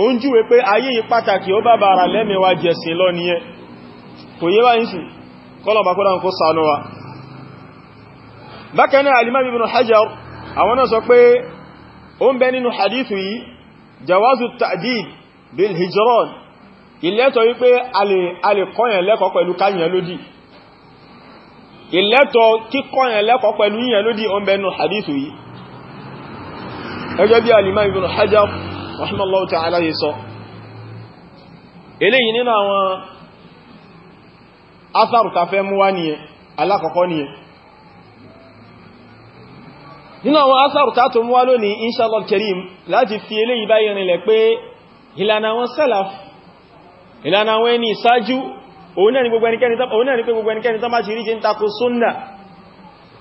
ó ń júwe pé ayé yìí pàtàkì ó bàbàrà lẹ́mẹ̀wà jẹ̀sìn lọ nìyẹn kò yé báyìí sí Ibn hadithu ìlẹ́tọ̀ wípé a lè kọ́yàn lẹ́kọ̀ọ́ pẹ̀lú káyàn lódì ìlẹ́tọ̀ kíkọ́yàn lẹ́kọ̀ọ́ pẹ̀lú yíyàn lódì ọmọbẹ̀nu hadithu yìí ẹgbẹ́ bí alìmá ibn Hajar rahimallahu ta'ala yìí sọ eléyìí nínú àwọn atharu ta fẹ́ mú wá nìyẹn alákọ̀ọ́kọ́ nìyẹn nínú àwọn atharu ta tó mú wá lónìí inshallah karim ìlànà àwọn ẹni ìsájú òun náà ni gbogbo ẹnikẹ́ni tán bá ti rí tí ń takò súnnà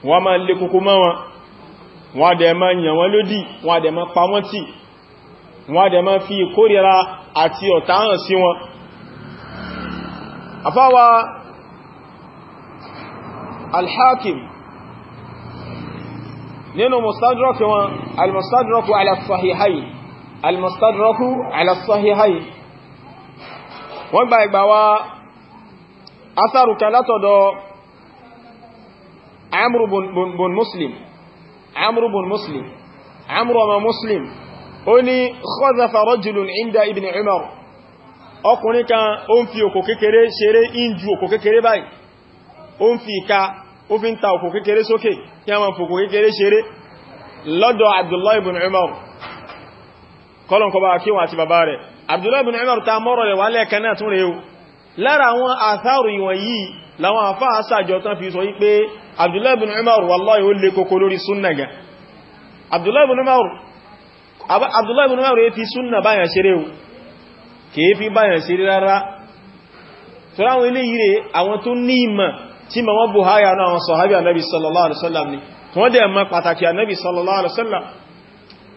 wọ́n máa lè kòkó mọ́ wọn wọ́n dẹ̀ máa yàn wọ́n lódì wọ́n dẹ̀ máa pa wọ́n tì wọ́n dẹ̀ máa fi ìkórìíra àti ọ̀tá hàn sí wọn afáwa alhakim nínú mustadraku wọn almustadraku ala sahihayn almustadraku ala sahihayn wọ́n gba ìgbà wa asárùkà látọ̀dọ̀ amru bun muslim amru bun muslim amru ọmọ muslim ó ní khazafa rajulun inda ibn umar ọkùnrin kan ó ń fi òkò kékeré ṣeré injú òkò kékeré báyìí ó ń fi ìka ó fi ń ta òkò kékeré sókè kí a máa fòkò kékeré ṣeré lọ́dọ̀ abdullahi ibn umar kọlọ̀nkọba kí àti bàbá rẹ̀ Abdullah ibn Umar ta mọ́rọ̀ rẹ̀ wálẹ̀ kan náà tún rẹ̀ o lára àwọn àtàrù ìwọ̀n yìí láwọn àfá àṣàjọ tán fi sọ wípé Abdullah ibn Umar wallahi ó lè kókó lórí súnnà gan Abdullah ibn Umar Abdullah ibn Umar fi súnnà báyàn ṣeré o kìí fi báyàn ṣeré rárá tọ́rọ àwọn ilé yìí rẹ̀ àwọn tó ní ìmọ̀ tí ma wọ́n buhari àwọn àwọn sọ̀hábí ànábì sallallahu alaihi wasallam ni wọ́n dẹ̀ mọ̀ pàtàkì ànábì sallallahu alaihi wasallam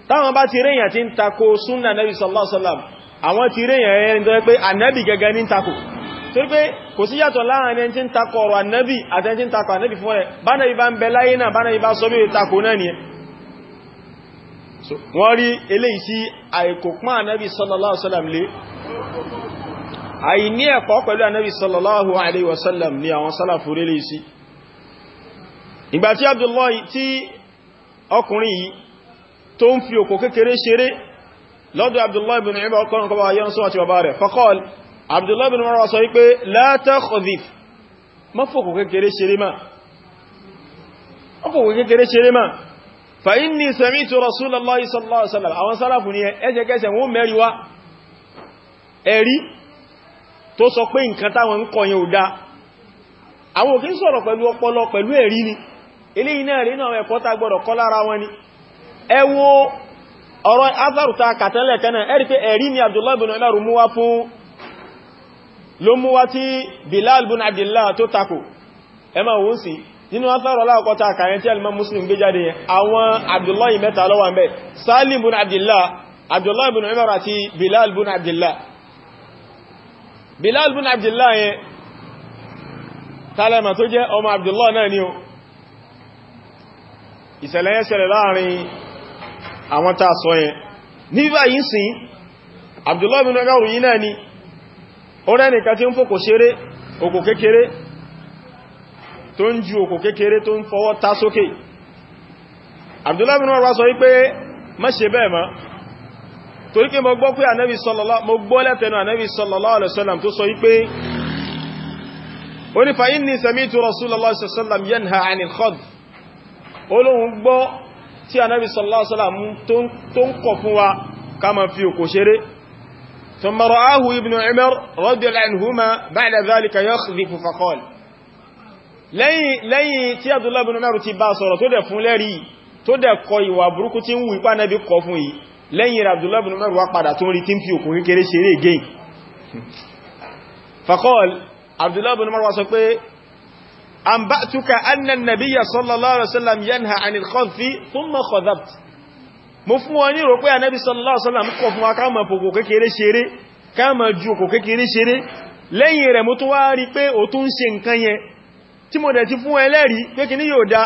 táwọn bá ti rẹ̀yàn tí ń takò súnnà ànábì sallallahu àwọn ti rí èyàn ẹni tó yẹ pé ànábì gẹ́gẹ́ ní takò torí pé kò sí yàtọ̀ láàrin ẹni tí ń takò ọ̀rọ̀ ànábì àti ẹni tí ń takò ànábì fún rẹ̀ bánàbí sallallahu alaihi wasallam lé àìní ẹ̀kọ́ pẹ̀lú ànábì sallallahu alaihi wasallam ni àwọn sálàfù rí eléyìí sí ìgbà tí Abdullahi tí ọkùnrin yìí tó ń fi òkò kékeré ṣeré lọ́dọ̀ abdullahi bin umar kọ́nà kọba yán sọ́wọ́ ti bàbá rẹ̀ faqal abdullahi bin umar sọ wípé la takhzif mọ́fòkò kékeré ṣeré ma fa inni sami'tu rasulallahi sallallahu alaihi wasallam àwọn sálàfù ni ẹjẹ kẹsẹ̀ wọ́n mẹ́rin wá ẹ̀rí tó sọ pé nǹkan táwọn ń kọ yẹn ò dá àwọn òkín sọ̀rọ̀ pẹ̀lú ọpọlọ pẹ̀lú ẹ̀rí ni eléyìí náà rí náà ẹ̀kọ́ tá gbọ́dọ̀ kọ́ lára wọn ni ẹ ọ̀rọ̀ azarùta kàtẹ́lẹ̀ kẹ́nà ẹ̀rí pé ẹ̀rí ni Abdullahi bin Umar mú wá fún ló mú wá tí Bilal bin Abdillah tó takò ẹmà òun sí nínú azarọ̀ aláàkọta àkàyẹn tí alimọ́ Muslim gbé jáde àwọn Abdullahi mẹ́ta ló wà ńbẹ̀ Salim bin Abdillah Abdullahi bin Umar àti Bilal bin Abdillah Bilal bin Abdillah yẹn tálẹ́mà tó ìṣẹ̀lẹ̀ yẹn ṣẹlẹ̀ láàrin àwọn tàà sọ yẹn ní bíbá yìí sí Abdullahi bin Umar yìí náà ni ó rẹ́ nìkan tí ń fòkò ṣeré òkò kékeré tó ń ju òkò kékeré tó ń fọwọ́ ta sókè Abdullahi bin Umar wá sọ wípé má ṣe bẹ́ẹ̀ mọ́ torí kí mo gbọ́ pé ànábì sallallahu mo gbọ́ lẹ́tẹ̀nu tí anábi sallásọ́lá mú tó ń kọ̀ fún wa ká ma fi òkò ṣeré ثم رآه ابن عمر رضي الله عنهما بعد ذلك يخذف فقال lẹ́yìn tí Abdullah ibn Umar ti bá sọ̀rọ̀ tó dẹ̀ fún lẹ́rí tó dẹ̀ kọ ìwà burúkú tí ń wù ipá nẹ́bí kọ fún yìí lẹ́yìn rẹ̀ Abdullah ibn Umar wá padà tó tí ń fi sọ pé أنبأتك أن النبي صلى الله عليه وسلم ينهى عن الخذف ثم خذبت mo fún wọn ní rò pé ànábì sallallahu alaihi wasallam kọ̀ fún wa ká má fòkò kékeré ṣeré ká má ju òkò kékeré ṣeré lẹ́yìn rẹ̀ mo tún wá rí pé o tún ṣe nǹkan yẹn tí mo dẹ̀ ti fún ẹlẹ́rìí pé kí ní yóò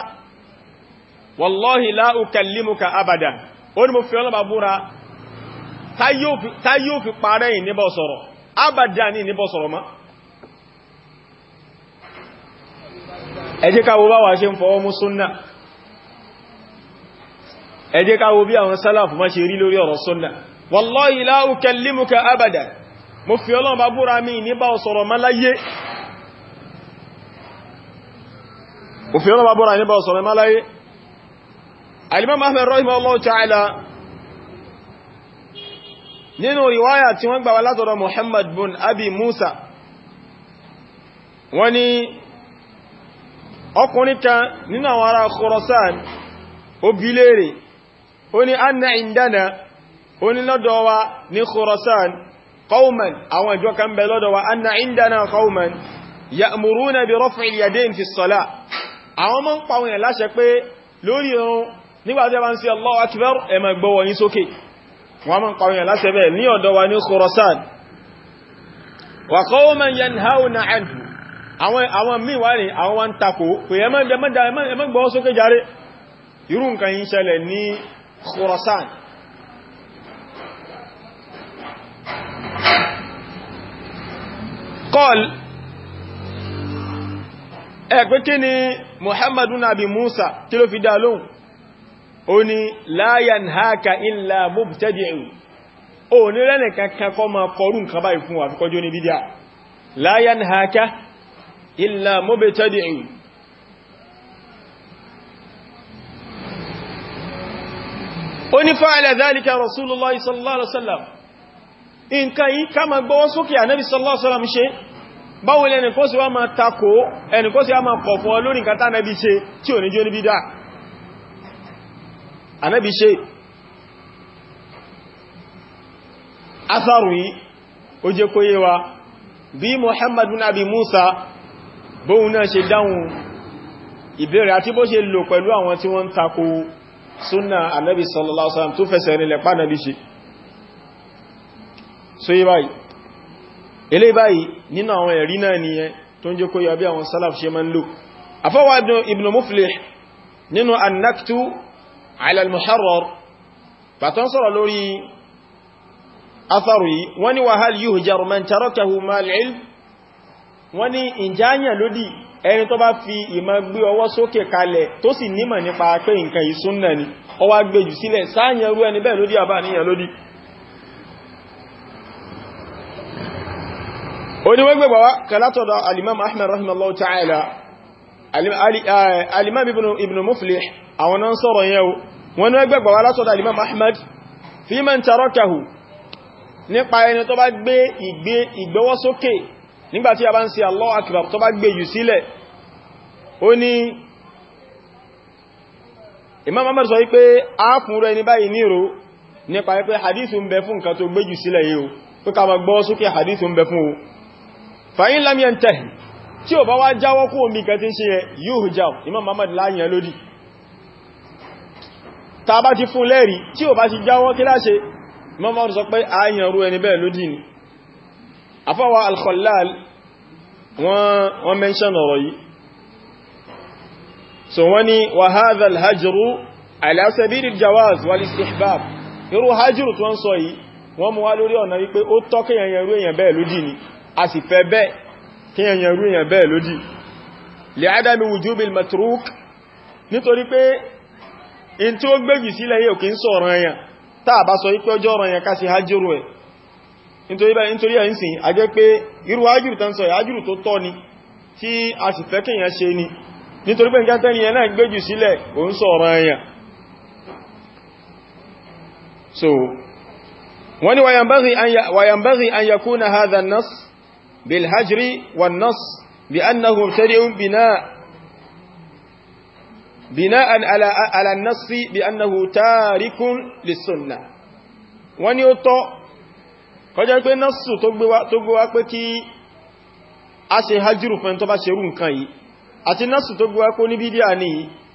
wallahi la ukallimuka abada ó mo fi ọlọ́bà búra tá yóò fi parẹ́ ìníbọ̀ sọ̀rọ̀ abada ní ìníbọ̀ sọ̀rọ̀ máa ẹ jẹ́ ká wo bá wà ṣe ń fọwọ́ mú súnnà ẹ jẹ́ ká wo bí àwọn sálàfù má ṣe rí lórí ọ̀rọ̀ súnnà wallahi la ukallimuka abada mo fi ọlọ́run bá búra mi ní bá ọ̀sọ̀rọ̀ máláyé òfin ọlọ́run bá búra nínú riwaya tí wọ́n gbà látọ̀rọ̀ muhammad bin abi musa wọ́n ni ọkùnrin kan nínú àwọn ará Khurasan ó bi léèrè ó ní anna indana ó ní lọ́dọ̀ wa ní Khurasan qauman àwọn ìjọ kan bẹ lọ́dọ̀ wa anna indana qauman ya'muruna bi raf'i al-yadayn fi as-salah àwọn mọ́ ń pa àwọn èèyàn láṣẹ pé lórí irun nígbàtí àwọn àwọn míì wá ní àwọn wá ń takò pé ẹmọ́ gbọ́ sókè járe irú nǹkan yí ṣẹlẹ̀ ní Khurasan kọl ẹ̀pẹ́ kí ni Muhammadu nabi Musa kí ló fi dá lóhun ó ní la yanhaka illa mubtadi'u ó ní rẹ́nìkan kankan kọ́ ma kọrù nǹkan báyìí fún àfikọjọ́ illa mubtadi'in ó ní fa'ala dhalika rasulullahi sallallahu alaihi wasallam nǹkan yìí ká ma gbọ́wọ́ sókè ànábì sallallahu alaihi wasallam ṣe báwo lẹ́nì kó sì wá ma takò ẹnì kó sì wá ma kọ̀fọ́ lórí nǹkan tá ànábì ṣe tí ò ní jí oníbí dá ànábì ṣe atharu yìí ó jẹ́ kó yé wa bí musa bóhun náà ṣe dáhùn ìbéèrè àti bó ṣe lò pẹ̀lú àwọn tí wọ́n tako súnà ànábì sallallahu alaihi wasallam tó fẹsẹ̀ rinlẹ̀ pánàbí ṣe so yí báyìí ilé báyìí nínú àwọn ẹ̀rí náà nìyẹn tó ń jẹ́ kó yàbí àwọn salaf ṣe máa ń lò afọ́wà ibn yìí wọ́n ni wa hal yuhjar man tarakahu mal wọ́n ní ìjáyàn lódì ẹni tó bá fi ìmọ̀ gbé ọwọ́ sókè kalẹ̀ tó sì nímọ̀ nípa pé nǹkan ìsúnnà ni ó wá gbé jù sílẹ̀ sáàyàn rú ẹni bẹ́ẹ̀ lódì àbá níyàn lódì oníwẹ́gbẹ̀gbà wá kàlátọ̀dọ̀ alimam ahmed rahimallahu ta'ala alimam eh, ibn muflih àwọn náà sọ̀rọ̀ yẹn wọn ni wẹ́gbẹ̀gbà wá látọ̀dọ̀ alimam ahmed fi man tarakahu nípa ẹni tó bá gbé ìgbọ́wọ́ nígbàtí a bá ń ṣe Allahu Akbar tó bá gbé yù sílẹ̀ ó ní Imam Ahmad sọ wípé a fún rẹ ní báyìí níro nípa wípé hadithu ń bẹ fún nǹkan tó gbé jù sílẹ̀ yíò tó ká ma gbọ́ sókè hadithu ń bẹ fún o fa in lam yantahi tí ò bá wá jáwọ́ kú omi kan tí ń ṣe yuhjaw Imam Ahmad afáwà al-Khallal wọ́n mẹ́ṣán ọ̀rọ̀ yìí so wọ́n ni wa hadha al-hajru ala sabili al-jawaz wal-istihbab irú hajru tó ń sọ yìí wọ́n mú wá lórí ọ̀nà wípé ó tọ́ kíyànyẹ̀rú èèyàn bẹ́ẹ̀ lódì ni nítorí báyìí nítorí ẹ̀yìn sìn a jẹ́ pé irú ájúrù tán sọ ìájúrù tó tọ́ ni tí a sì fẹ́ kíyàn ṣe ni nítorí pé nǹkan tẹ́ni ẹ̀nà gbéjù sílẹ̀ òun sọ ọ̀rọ̀ ẹ̀yàn so wọ́n ni wàyàmbáhì an yakuna hadha nas bil hajri wa nas bi annahu mubtadi'un bina bina'an ala ala nasi bi annahu kọjá pé násù tó gbé wá pé kí a ṣe hajjúrù fún tó bá ṣerú nǹkan yìí àti násù tó gbé wá pé ní bídíà ní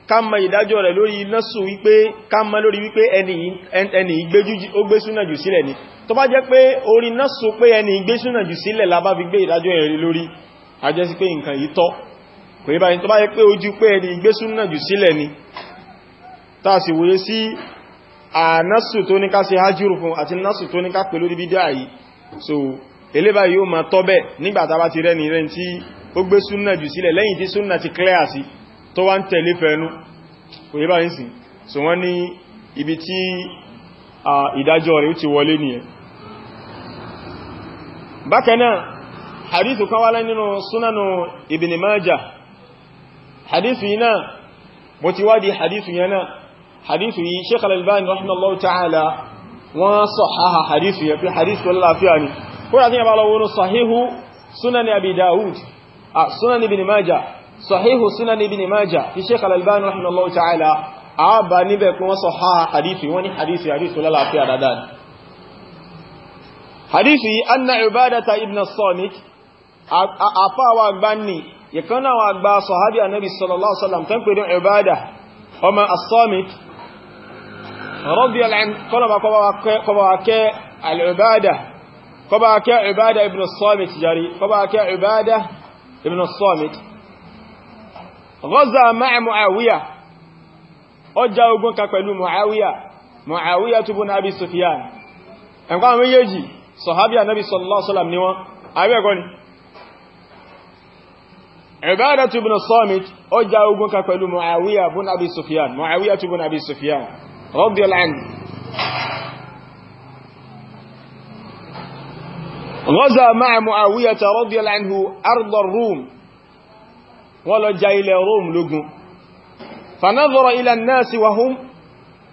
ká mọ ìdájọ́ rẹ̀ lórí násù wípé ká mọ lórí wípé ẹni ìgbé súnà jù sílẹ̀ ni tó bá jẹ́ pé orí násù pé ẹni ìgbé súnà jù sílẹ̀ labá fi gbé ìdájọ́ rẹ̀ lórí ajẹ́ pé nǹkan yìí tọ́ kò yí báyìí tó bá jẹ́ pé ojú pé ẹni ìgbé súnà jù sílẹ̀ ni tá sì wòye sí ànásù tó ní ká ṣe hajjúrù fún àti násù tó ní ká pẹ̀lú bídá yìí so elébà yóò ma tọ́bẹ̀ nígbàtà bá ti rẹni rẹni tí ó gbé súnnà jù sílẹ̀ lẹ́yìn tí súnnà ti clear sí tó wá ń tẹ̀lé fẹ́nu so ibi ti hadithu wá nínú hadithu hadithu yẹn náà hadithu yìí Sheikh Al-Albani rahimahullahu ta'ala wọ́n sọ̀háha hadithu yẹ pé hadithu wọ́n láfíà ni kúrò àti yàbá lọ́wọ́ sahihu sunani abi dawud a sunani ibn majah sahihu sunani ibn majah ti Sheikh Al-Albani rahimahullahu ta'ala a bá níbẹ̀ pé wọ́n sọ̀háha hadithu wọ́n ni hadithu hadithu lálàáfíà dáadáa ni hadithu yìí anna ibadata ibn as-samit àfáwà gbani yẹ̀kan náà wà gba sọ̀hábí annabi sallallahu alaihi wasallam tán pẹ̀lú ibada ọmọ as رضي العن طلب قباك العبادة قباك عبادة ابن الصامت جري قباك عبادة ابن الصامت غزا مع معاوية ọjà ogun kan pẹ̀lú Muawiya Muawiya tó bú na Abi Sufyan ẹ̀kọ́ àwọn méjèèjì sọ̀hábí ànábì sallallahu alaihi wasallam ni wọ́n àbí ẹ̀kọ́ ni Ubadah ibn Samit ọjà ogun kan pẹ̀lú Muawiya رضي الله عنه غزا مع معاوية رضي الله عنه أرض الروم ولا جاء إلى روم لقم فنظر إلى الناس وهم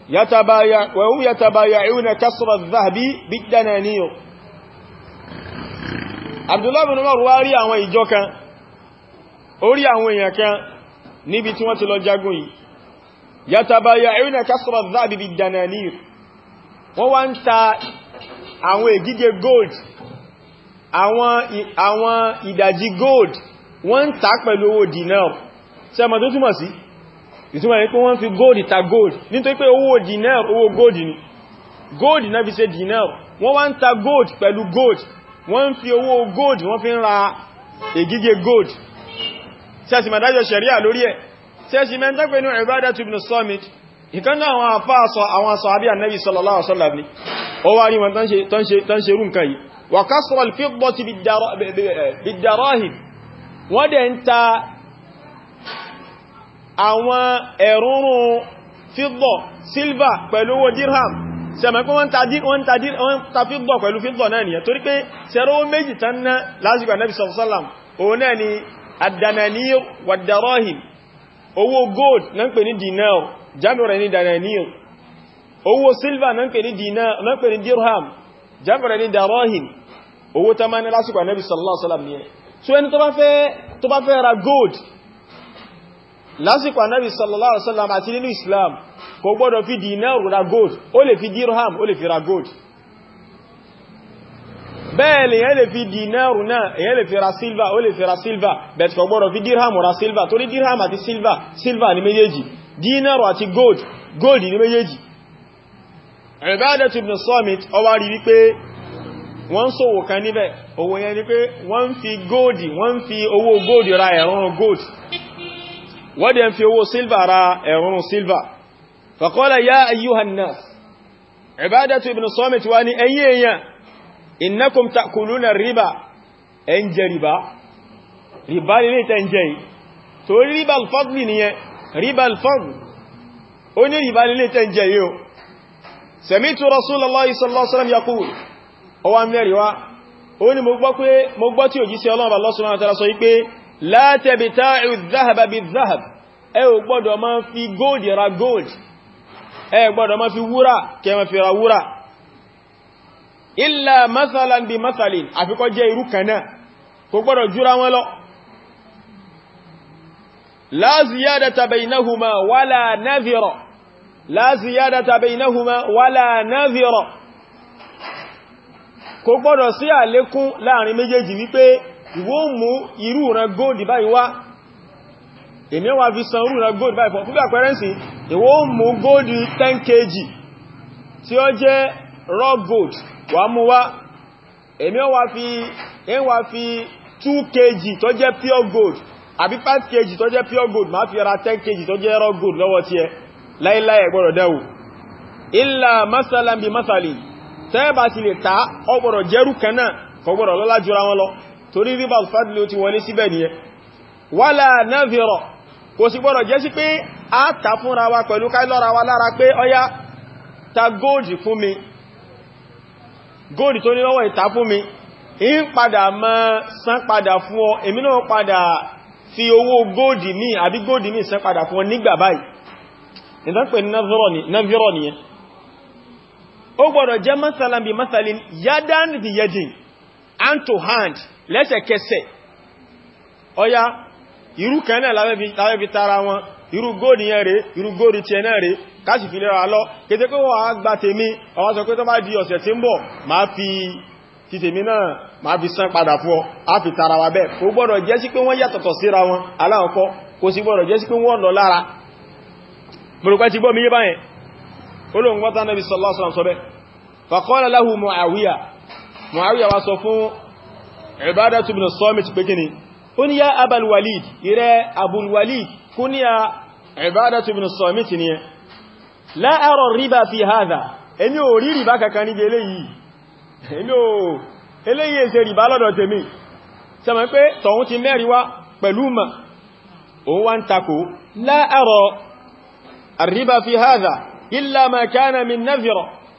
يتبايع وهم يتبايعون كسر الذهب بالدنانير عبد الله بن عمر واري rí àwọn ìjọ kan orí àwọn èèyàn kan níbi tí wọ́n ti lọ jagun yatabaya'una kasra dhahabi bid-dananir wọ́n wá ń ta àwọn ègígé gold àwọn ìdajì gold wọ́n ń ta pẹ̀lú owó dinar tí a ma tó túmọ̀ sí ìtumọ̀ ní pé wọ́n fi gold ta gold nítorí pé owó dinar owó gold ni gold náà fi se dinar wọ́n wá ń ta gold pẹ̀lú gold wọ́n fi owó gold wọ́n fi ń ra ègígé gold tí a sì ma dájọ́ ṣẹ̀ríà lórí ẹ̀ sẹ́sì mẹ́ta pé ní Ubadah ibn Samit ìkan náà àwọn àfá àsọ àwọn sàhábí Ànábì sallallahu alaihi wasallam ni ó wá rí wọn tán ṣe rú nǹkan yìí wa kasra al-fiddati eh, wọ́n dẹ̀ ń ta àwọn ẹ̀rúnrún fíddọ̀ ni ad darahim owó gold na ń pè ní dinar jámù rẹ̀ ní dananil owó silver na ń pè ní dirham jámù rẹ̀ ní darahim owó ta máa ní lásìkò ànábì sallallahu alaihi wasallam yẹn so ẹni tó bá fẹ́ ra gold lásìkò ànábì sallallahu alaihi wasallam àti nínú islam kò gbọ́dọ̀ fi dinar ra gold ó lè fi dirham ó lè fi ra gold bẹ́ẹ̀ lè yẹn lè fi dìnàrù náà èyàn lè fi ra silva ó lè fi ra silva bẹ̀tẹ̀ kò gbọ́dọ̀ fi dirham ra silva torí dirham àti silva silva ni méjèèjì dìnàrù àti gold gold ni méjèèjì Ubadatu ibn Samit ó wá rí wípé wọ́n sòwò gold wọ́n fi gold ra gold wọ́n dẹ̀ fi owó silva ra ẹ̀rọ̀rùn silva faqala ya ayyuhan nas Ubadatu ibn innakum ta'kuluna riba ẹn jẹ riba riba lílé tẹ́ jẹ yìí so riba al-fadli nìyẹn riba al-fadli ó ní riba lílé tẹ́ jẹ yìí o sami'tu rasulallahi sallallahu alaihi wasallam yaqul ó wá mẹ́rin wá ó ní mo gbọ́ tí òjísí ọlọ́ọ̀bà lọ́sùn àwọn tẹ́lá sọ wípé la tabta'u adh-dhahaba bidh-dhahab ẹ ò gbọ́dọ̀ máa fi gold ra gold ẹ gbọ́dọ̀ máa fi wúrà kẹ́ máa fi ra wúrà illa masalan bi masalin àfikọ́ jẹ́ irú kanáà kò gbọ́dọ̀ jura wọn lọ la ziyadata baynahuma wala nadhira la ziyadata baynahuma wala nadhira kò gbọ́dọ̀ sí àlékún láàrin méjèèjì wípé ìwọ mú irú ìran góòdì báyìí wá èmi wà fi san irú ìran góòdì báyìí fún fún àpẹrẹnsì ìwọ mú góòdì 10 kg tí ó jẹ́ raw gold wà mú wá èmi wà fi èmi wà fi 2 kg tó jẹ́ pure gold àbí 5 kg tó jẹ́ pure gold Ma fi ra 10 kg tó jẹ́ raw gold lọ́wọ́ tí ẹ láíláí ẹ̀gbọ́rọ̀ dẹ́wò ilá masalan masali tẹ́ẹ̀bà ti lè ta ọgbọ̀rọ̀ jẹ́rù kanáà kọgbọ̀rọ̀ lọ́lá jura wọn lọ torí ríbà fadli ó ti wọlé síbẹ̀ nìyẹn wala nadhira kò sí gbọ́rọ̀ jẹ́ sí pé a ta fúnra wa pẹ̀lú káìlọ́ra wa lára pé ọya ta góòjì fún mi góòdì tó ní lọ́wọ́ ìta fún mi in padà ma san padà fún ọ èmi náà padà fi owó góòdì mi àbí góòdì mi san padà fún ọ nígbà báyìí ìdánpẹ̀ náfírọ̀ nìyẹn ó gbọ́dọ̀ jẹ́ masalan bí masalin yadan di yadin hand to hand lẹ́sẹ̀kẹsẹ̀ ọya irú kan náà láwẹ́ fi tara wọn irú góòdì yẹn rẹ̀ irú góòdì tí ẹ̀nà rẹ̀ káṣì fi lẹ́ra lọ kété kó wà gbà tèmi ọwá sọ pé tó bá di ọ̀sẹ̀ tí ń bọ̀ ma fi ti tèmi náà máa fi san padà fún ọ á fi tara wa bẹ́ẹ̀ kò gbọ́dọ̀ jẹ́ sí pé wọ́n yàtọ̀tọ̀ síra wọn aláwọ̀kọ́ kò sí gbọ́dọ̀ jẹ́ sí pé wọ́n lọ lára mọ̀rùpẹ́ ti gbọ́ mi yé báyẹn olóhùn gbọ́ta Nabi sallallahu alaihi wasallam sọ lahu Muawiya Muawiya wa sọ fún Ubadatu ibn Samit pé kíni ó ní yá Abul Walid ìrẹ́ Abul Walid kúníyà Ibadatu ibn Samit ni ẹ la ara riba fi hadha èmi ò rí rìbá kankan níbi eléyìí èmi ò eléyìí èsè rìbá lọ́dọ̀ tèmi sẹ́mọ̀ pé tọ̀hún ti mẹ́rin wá pẹ̀lú mà òun wá ń takò la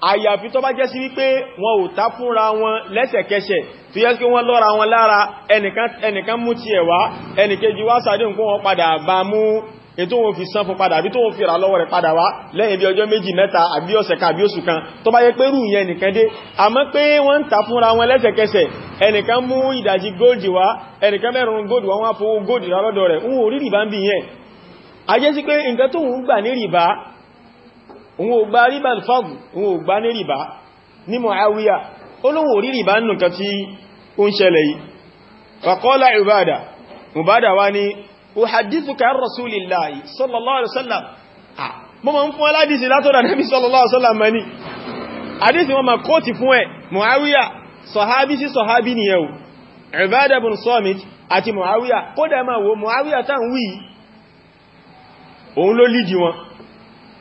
àyàfi tó bá jẹ́ sí wípé wọn ò tá fúnra wọn lẹ́sẹ̀kẹsẹ̀ tó yẹ́ sí wọ́n lọ́ra wọn lára ẹnìkan mú ti ẹ̀wá ẹnìkejì wá sàdé nǹkan wọn padà bá mú ètò wọn fi san fún padà àbí tó wọn fi rà lọ́wọ́ rẹ̀ padà wá lẹ́yìn bí ọjọ́ méjì mẹ́ta àbí ọ̀sẹ̀ kan àbí oṣù kan tó bá yẹ pé rú ìyẹn nìkan dé àmọ́ pé wọ́n ń ta fúnra wọn lẹ́sẹ̀kẹsẹ̀ ẹnìkan mú ìdajì góòdì wá ẹnìkan mẹ́rin góòdì wá fowó góòdì lọ́dọ̀ rẹ̀ ń wò rí rìbá ń bì yẹn a sí pé nǹkan tó ń gbà ní rìbá òun ò gba ríbà alfáàdù òun ò gba ní ríbà ní Muawiya olóhùn orí ríbà nù kan tí ó ń ṣẹlẹ̀ yìí faqala Ubada Ubada wá ní uhaddithuka an Rasulillahi sallallahu alaihi wasallam mo ma ń fún aládìsí òun ló lídi wọn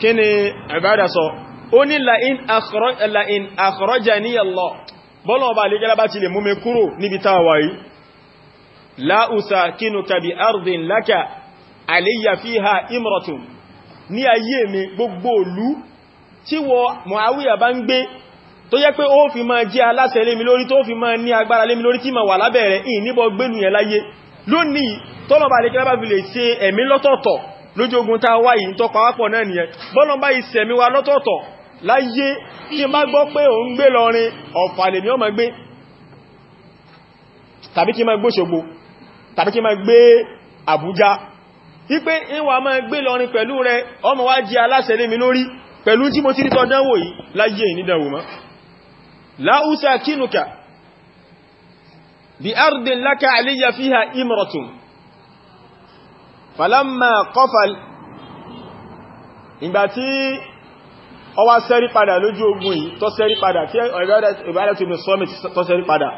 kí ni ìbádà sọ ó ní la'in akhrajani Allah bọ́lọ̀ ọba alẹ́gẹ́lá bá ti lè mú mi kúrò níbi táwà yìí la usakinuka bi ardin laka aliyya fiha imratun ní ayé mi gbogbo ìlú tí wọ Muawiya bá ń gbé tó yẹ pé ó fi máa jẹ́ aláṣẹ lé lórí tó fi máa ní agbára lé lórí tí ma wà lábẹ̀rẹ̀ ìn níbọ̀ gbénu yẹn láyé lónìí tọ́lọ̀bà alẹ́gẹ́lá fi lè ṣe ẹ̀mí lọ́tọ̀ọ̀tọ̀ lójógun tá wá yìí tó pàwápọ̀ náà nìyẹn bọ́lọ̀ bá ìsẹ̀mí wa lọ́tọ̀ọ̀tọ̀ láyé tí bá gbọ́ pé òun gbé lọrin ọ̀fà lèmi ọmọ gbé tàbí kí ma gbé ṣogbo tàbí kí ma gbé Àbújá wípé ma gbé lọrin pẹ̀lú rẹ ọmọ wá aláṣẹ mi lórí pẹ̀lú tí mo ti rí yìí falamma kọfàl ìgbàtí ó wá sẹ́rí padà lójú ogun yìí tó sẹ́rí padà tí ìbáyàtò ibn summit tó sẹ́rí padà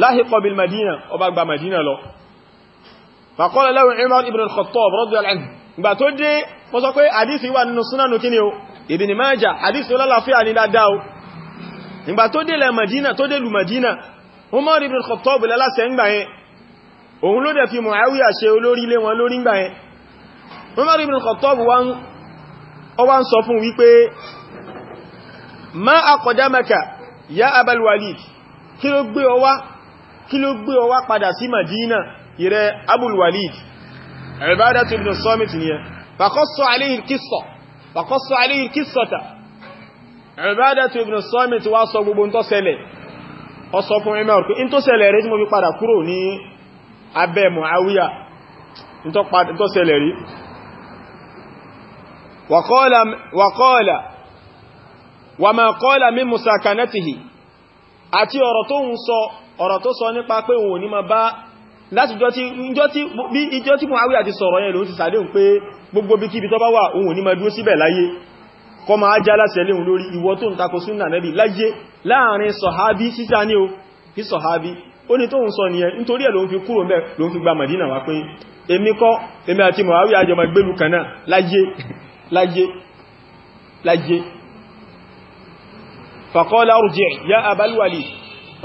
láhíkọ bil madina ó bá gba madina lọ fàkọ́lá lẹ́wọ̀n Umar ibn al-Khattab radiyallahu anhu ìgbà tó dé wọ́n sọ pé àdísì wà nínú súnánù kí ni o Ibn Majah àdísì olálàáfíà ní dáadáa o ìgbà tó dé lẹ́ òun ló dẹ̀ fi Muawiya ṣe olórí ilé wọn lórí ngbà yẹn Umar ibn Khattab wá ń sọ fún wípé ma aqdamaka ya Abal Walid kí ló gbé ọ wá kí ló gbé ọ wá padà sí Madina ìrẹ Abul Walid Ubadah ibn Samit nìyẹn faqassa alayhi al-qissa faqassa alayhi al-qissata Ubadah ibn abẹ́ Muawiya tó ṣẹlẹ̀ rí wàkọ́ọ̀lá wà máa kọ́ọ̀lá min musakanatihi àti ọ̀rọ̀ tó ń sọ ọ̀rọ̀ tó sọ nípa pé òun ní ma bá láti ìjọ tí Muawiya ti sọ̀rọ̀ yẹn ló ti sàdéhùn pé gbogbo bí kíbi tó bá wà òun ní ma dúró síbẹ̀ láyé kọ ma á jálá sẹ́lẹ̀ òun lórí ìwọ tó ń takò nẹ́bì láyé láàrin sọ̀hábí sísá ní o kí sọ̀hábí ó ní tóhun sọ nìyẹn nítorí ẹ̀ ló ń fi kúrò mẹ́ ló ń fi gba Madina wá pín èmi kọ́ èmi àti Muawi àjọmọ̀ ìgbélú kanáà láyé láyé láyé faqala arji' ya Abal Walid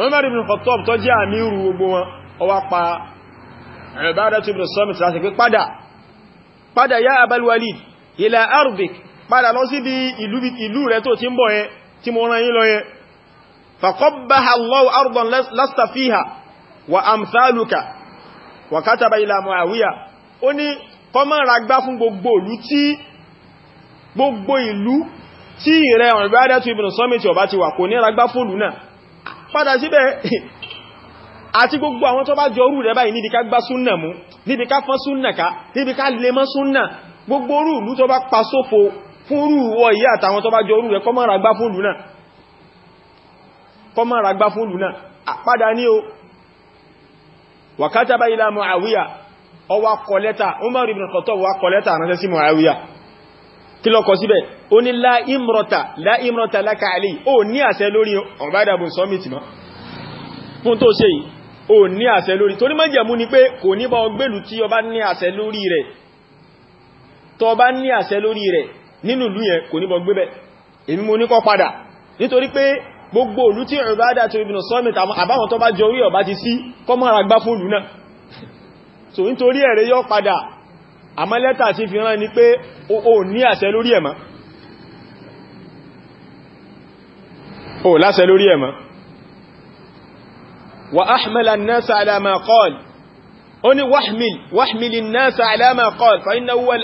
Umar ibn Khattab tó jẹ́ àmírù gbogbo wọn ó wá pa Ubadah ibn Samit láti pé padà padà ya Abal Walid ila ardik padà lọ فقبها الله أرضا لست فيها وأمثالك وكتب إلى معاوية ó ní kọmọ ragbá fún gbogbo ìlú tí gbogbo ìlú tí ìrẹ ọ̀rìn bá dẹ́tù ibùn sọ́mìtì ọba ti wà kò ní ragbá fún ìlú náà padà síbẹ̀ àti gbogbo àwọn tó bá jọ orú rẹ̀ báyìí níbi ká gbá súnnà mú níbi ká fọ́n súnnà ká níbi lè mọ́ súnnà gbogbo orú ìlú tó bá pa sófo fún orú ìwọ̀ yìí àtàwọn tó bá jọ orú rẹ̀ kọmọ ragbá fún ìlú náà kọ máa ragbá fún lù náà àpádà ní o wàkátàbá ilá Muawiya ó wá kọ lẹ́tà Umar ibn Khattab wá ránṣẹ́ sí Muawiya kí ló kọ síbẹ̀ ó ní la imrata la imrata laka ali ó ní àṣẹ lórí Ubadah bin Samit ni pé kò ní bá ọgbẹ́lù tí ọba ní àṣẹ lórí rẹ̀ tó bá ní àṣẹ lórí rẹ̀ nínú ìlú yẹn kò ní bọ̀ gbébẹ̀ èmi ní kó padà nítorí pé gbogbo ìlú tí ìrìnbádà tó ibn Samit àbáwọn tó bá jọ orí ọ̀bá ti sí kọmọ́ra gbá fóòlù náà so nítorí ẹ̀rẹ́ yọ padà àmọ́ lẹ́tà ti fi rán ní pé o ní àṣẹ lórí ẹ̀mọ́ o láṣẹ lórí ẹ̀mọ́ wa ahmala an-nasa ala ma qala ó ní wahmil wahmil an-nasa ala ma fa innahu huwa al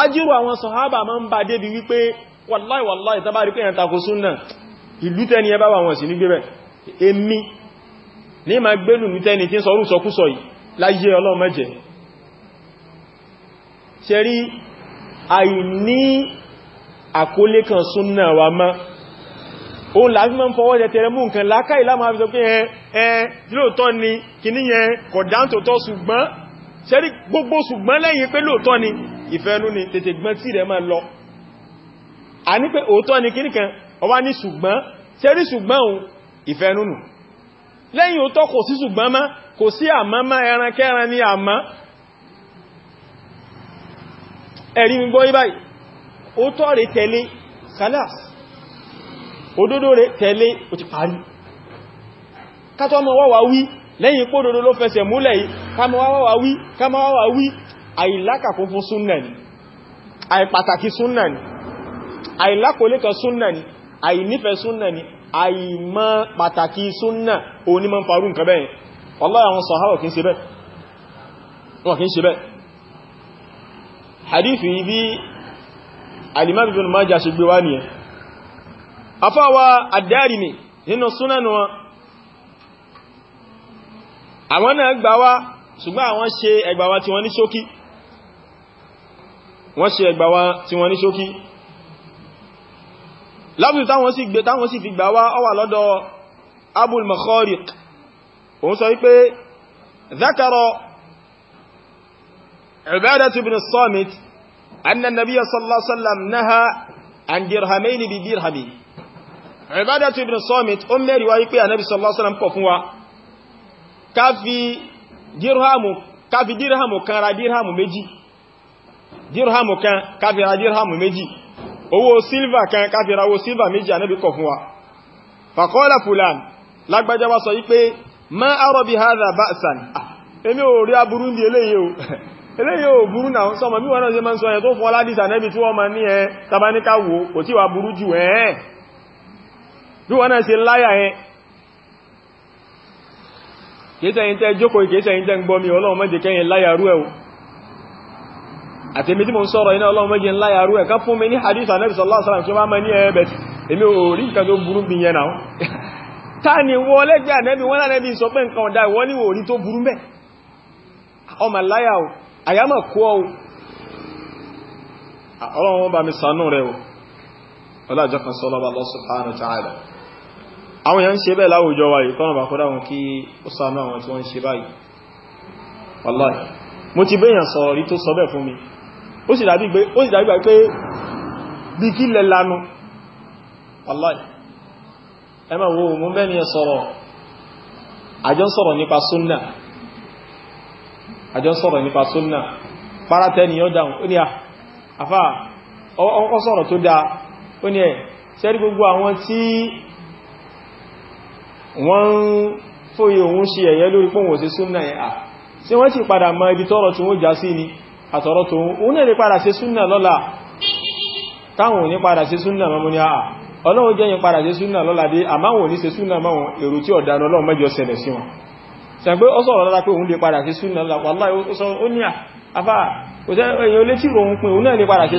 ajírò àwọn sọ̀hábà máa ń bá débi wípé wàláì wàláì tàbá rí pé ẹ̀yàn takò súnnà ìlú tẹ́ni ẹ bá wà wọn sí ní gbẹ̀rẹ̀ èmi ní ma gbẹ́lù ní tẹ́ni tí ń sọrú sọkúsọ yìí láyé ọlọ́mẹ́jẹ̀ ṣe àìní àkólé kan súnnà wa má o láti mọ́ fọwọ́ jẹ tẹrẹ mú nǹkan lákàí lámàá fi sọ pé ẹ ẹ lóòtọ́ ni kìníyàn kọ̀dántòtọ́ ṣùgbọ́n ṣẹ́rí gbogbo ṣùgbọ́n lẹ́yìn pé lóòtọ́ ni ìfẹ́nú ni tètè gbọ́n tí rẹ̀ máa lọ a ní pé òótọ́ ni kíníkan ọwá ní ṣùgbọ́n ṣẹ́rí ṣùgbọ́n òun ìfẹ́nú nù lẹ́yìn òótọ́ kò sí ṣùgbọ́n má kò sí àmọ́ má ẹran kẹran ní àmọ́ ẹ̀rí mi gbọ́ ibáyìí òótọ́ rẹ̀ tẹ̀lé kálás òdodo rẹ̀ tẹ̀lé ó ti parí kátọ́ ọmọ wá wá wí lẹ́yìn pódòdó ló fẹsẹ̀ múlẹ̀ yìí kamawawa wí kamawawa wí àìlákàkún fún súnnà ni àìpàtàkì súnnà ni àìlákòlékan súnnà ni àìnífẹ́ súnnà ni àìmọ́ pàtàkì súnnà onímọ̀ farú nǹkan bẹ́ẹ̀ wallahi àwọn sàhábà kìí ṣe bẹ́ẹ̀ wọ́n kìí ṣe bẹ́ẹ̀ hadith yìí àwọn náà gbà wá ṣùgbọ́n àwọn ṣe ẹgbà wá tí wọ́n ní ṣókí wọ́n ṣe ẹgbà wá tí wọ́n ní ṣókí lábùtù táwọn sì gbé táwọn sì fi gbà wá ó wà lọ́dọ̀ abul makhariq òun sọ wípé zakaro ubadatu ibn as-samit anna káfi dírhàmù káfi dírhàmù kan ra dírhàmù méjì dírhàmù kan káfi ra dírhàmù méjì owó sílvà kan káfi ra owó sílvà méjì fún wa fàkọ́lá fulan sọ ma arọ bí hádà bá sàn ah, èmi ò rí aburú ní eléyìí o wa buru kéèsẹ̀ yìí tẹ́ jókòó kéèsẹ̀ yìí tẹ́ ń gbọ́ mi ọlọ́run má jẹ́ kẹ́yìn láyàrú ẹ̀ àtèmi tí mo ń sọ̀rọ̀ iná ọlọ́run má jẹ́ láyàrú ẹ̀ ká fún mi ní hadith anabi sallallahu alaihi wasallam kí wọ́n máa ní ẹ̀ẹ́bẹ̀ èmi ò rí nǹkan tó burú bí yẹn náà ta ni wọ́n lẹ́gbẹ̀ẹ́ anabi wọ́n lánàbí sọ pé nǹkan ọ̀dá ìwọ́n ní òrí tó burú mẹ́ ọmọ láyà o àyàmọ̀ kú ọ ọlọ́run bá mi ṣàánú rẹ̀ o ọlọ́jọ́ kan sọ́lọ́bà Allah subhanahu wa ta'ala àwọn èèyàn ń ṣe bẹ́ẹ̀ láwùjọ wa yìí kọ́nà bàkọ́dá wọn kí ó sàánú àwọn tí wọ́n ń ṣe báyìí wallahi mo ti béèyàn sọ̀rọ̀ rí tó sọ bẹ́ẹ̀ fún mi ó sì dàbí pé bí kí lẹ lanu wallahi ẹ máa wo mú bẹ́ẹ̀ ni ẹ sọ̀rọ̀ àjọ sọ̀rọ̀ nípa súnnà àjọ sọ̀rọ̀ nípa súnnà párátẹ́ ni ó dáhùn ó wọ́n fóyí òun ṣe ẹ̀yẹ lórí pọ́wọ̀n sí súnnà ẹ̀ à sí wọ́n ti padà mọ ibi tọ́rọ̀ tí wọ́n já sí ni àtọ̀rọ̀ tó òun náà lè padà sí súnnà lọ́la táwọn ní padà sí súnnà mọ́mú ní àà ọlọ́run jẹ́ yẹn padà sí súnnà lọ́la dé àmáwọn ní sí súnnà máwọn èrò tí ọ̀daràn ọlọ́run mẹ́jọ ṣẹlẹ̀ sí wọn sẹ̀gbé ó sọ̀rọ̀ lọ́la pé òun lè padà sí súnnà lọ́la wàláhí ó ní àfáà kò sẹ́ èèyàn létí òun pin òun náà lè padà sí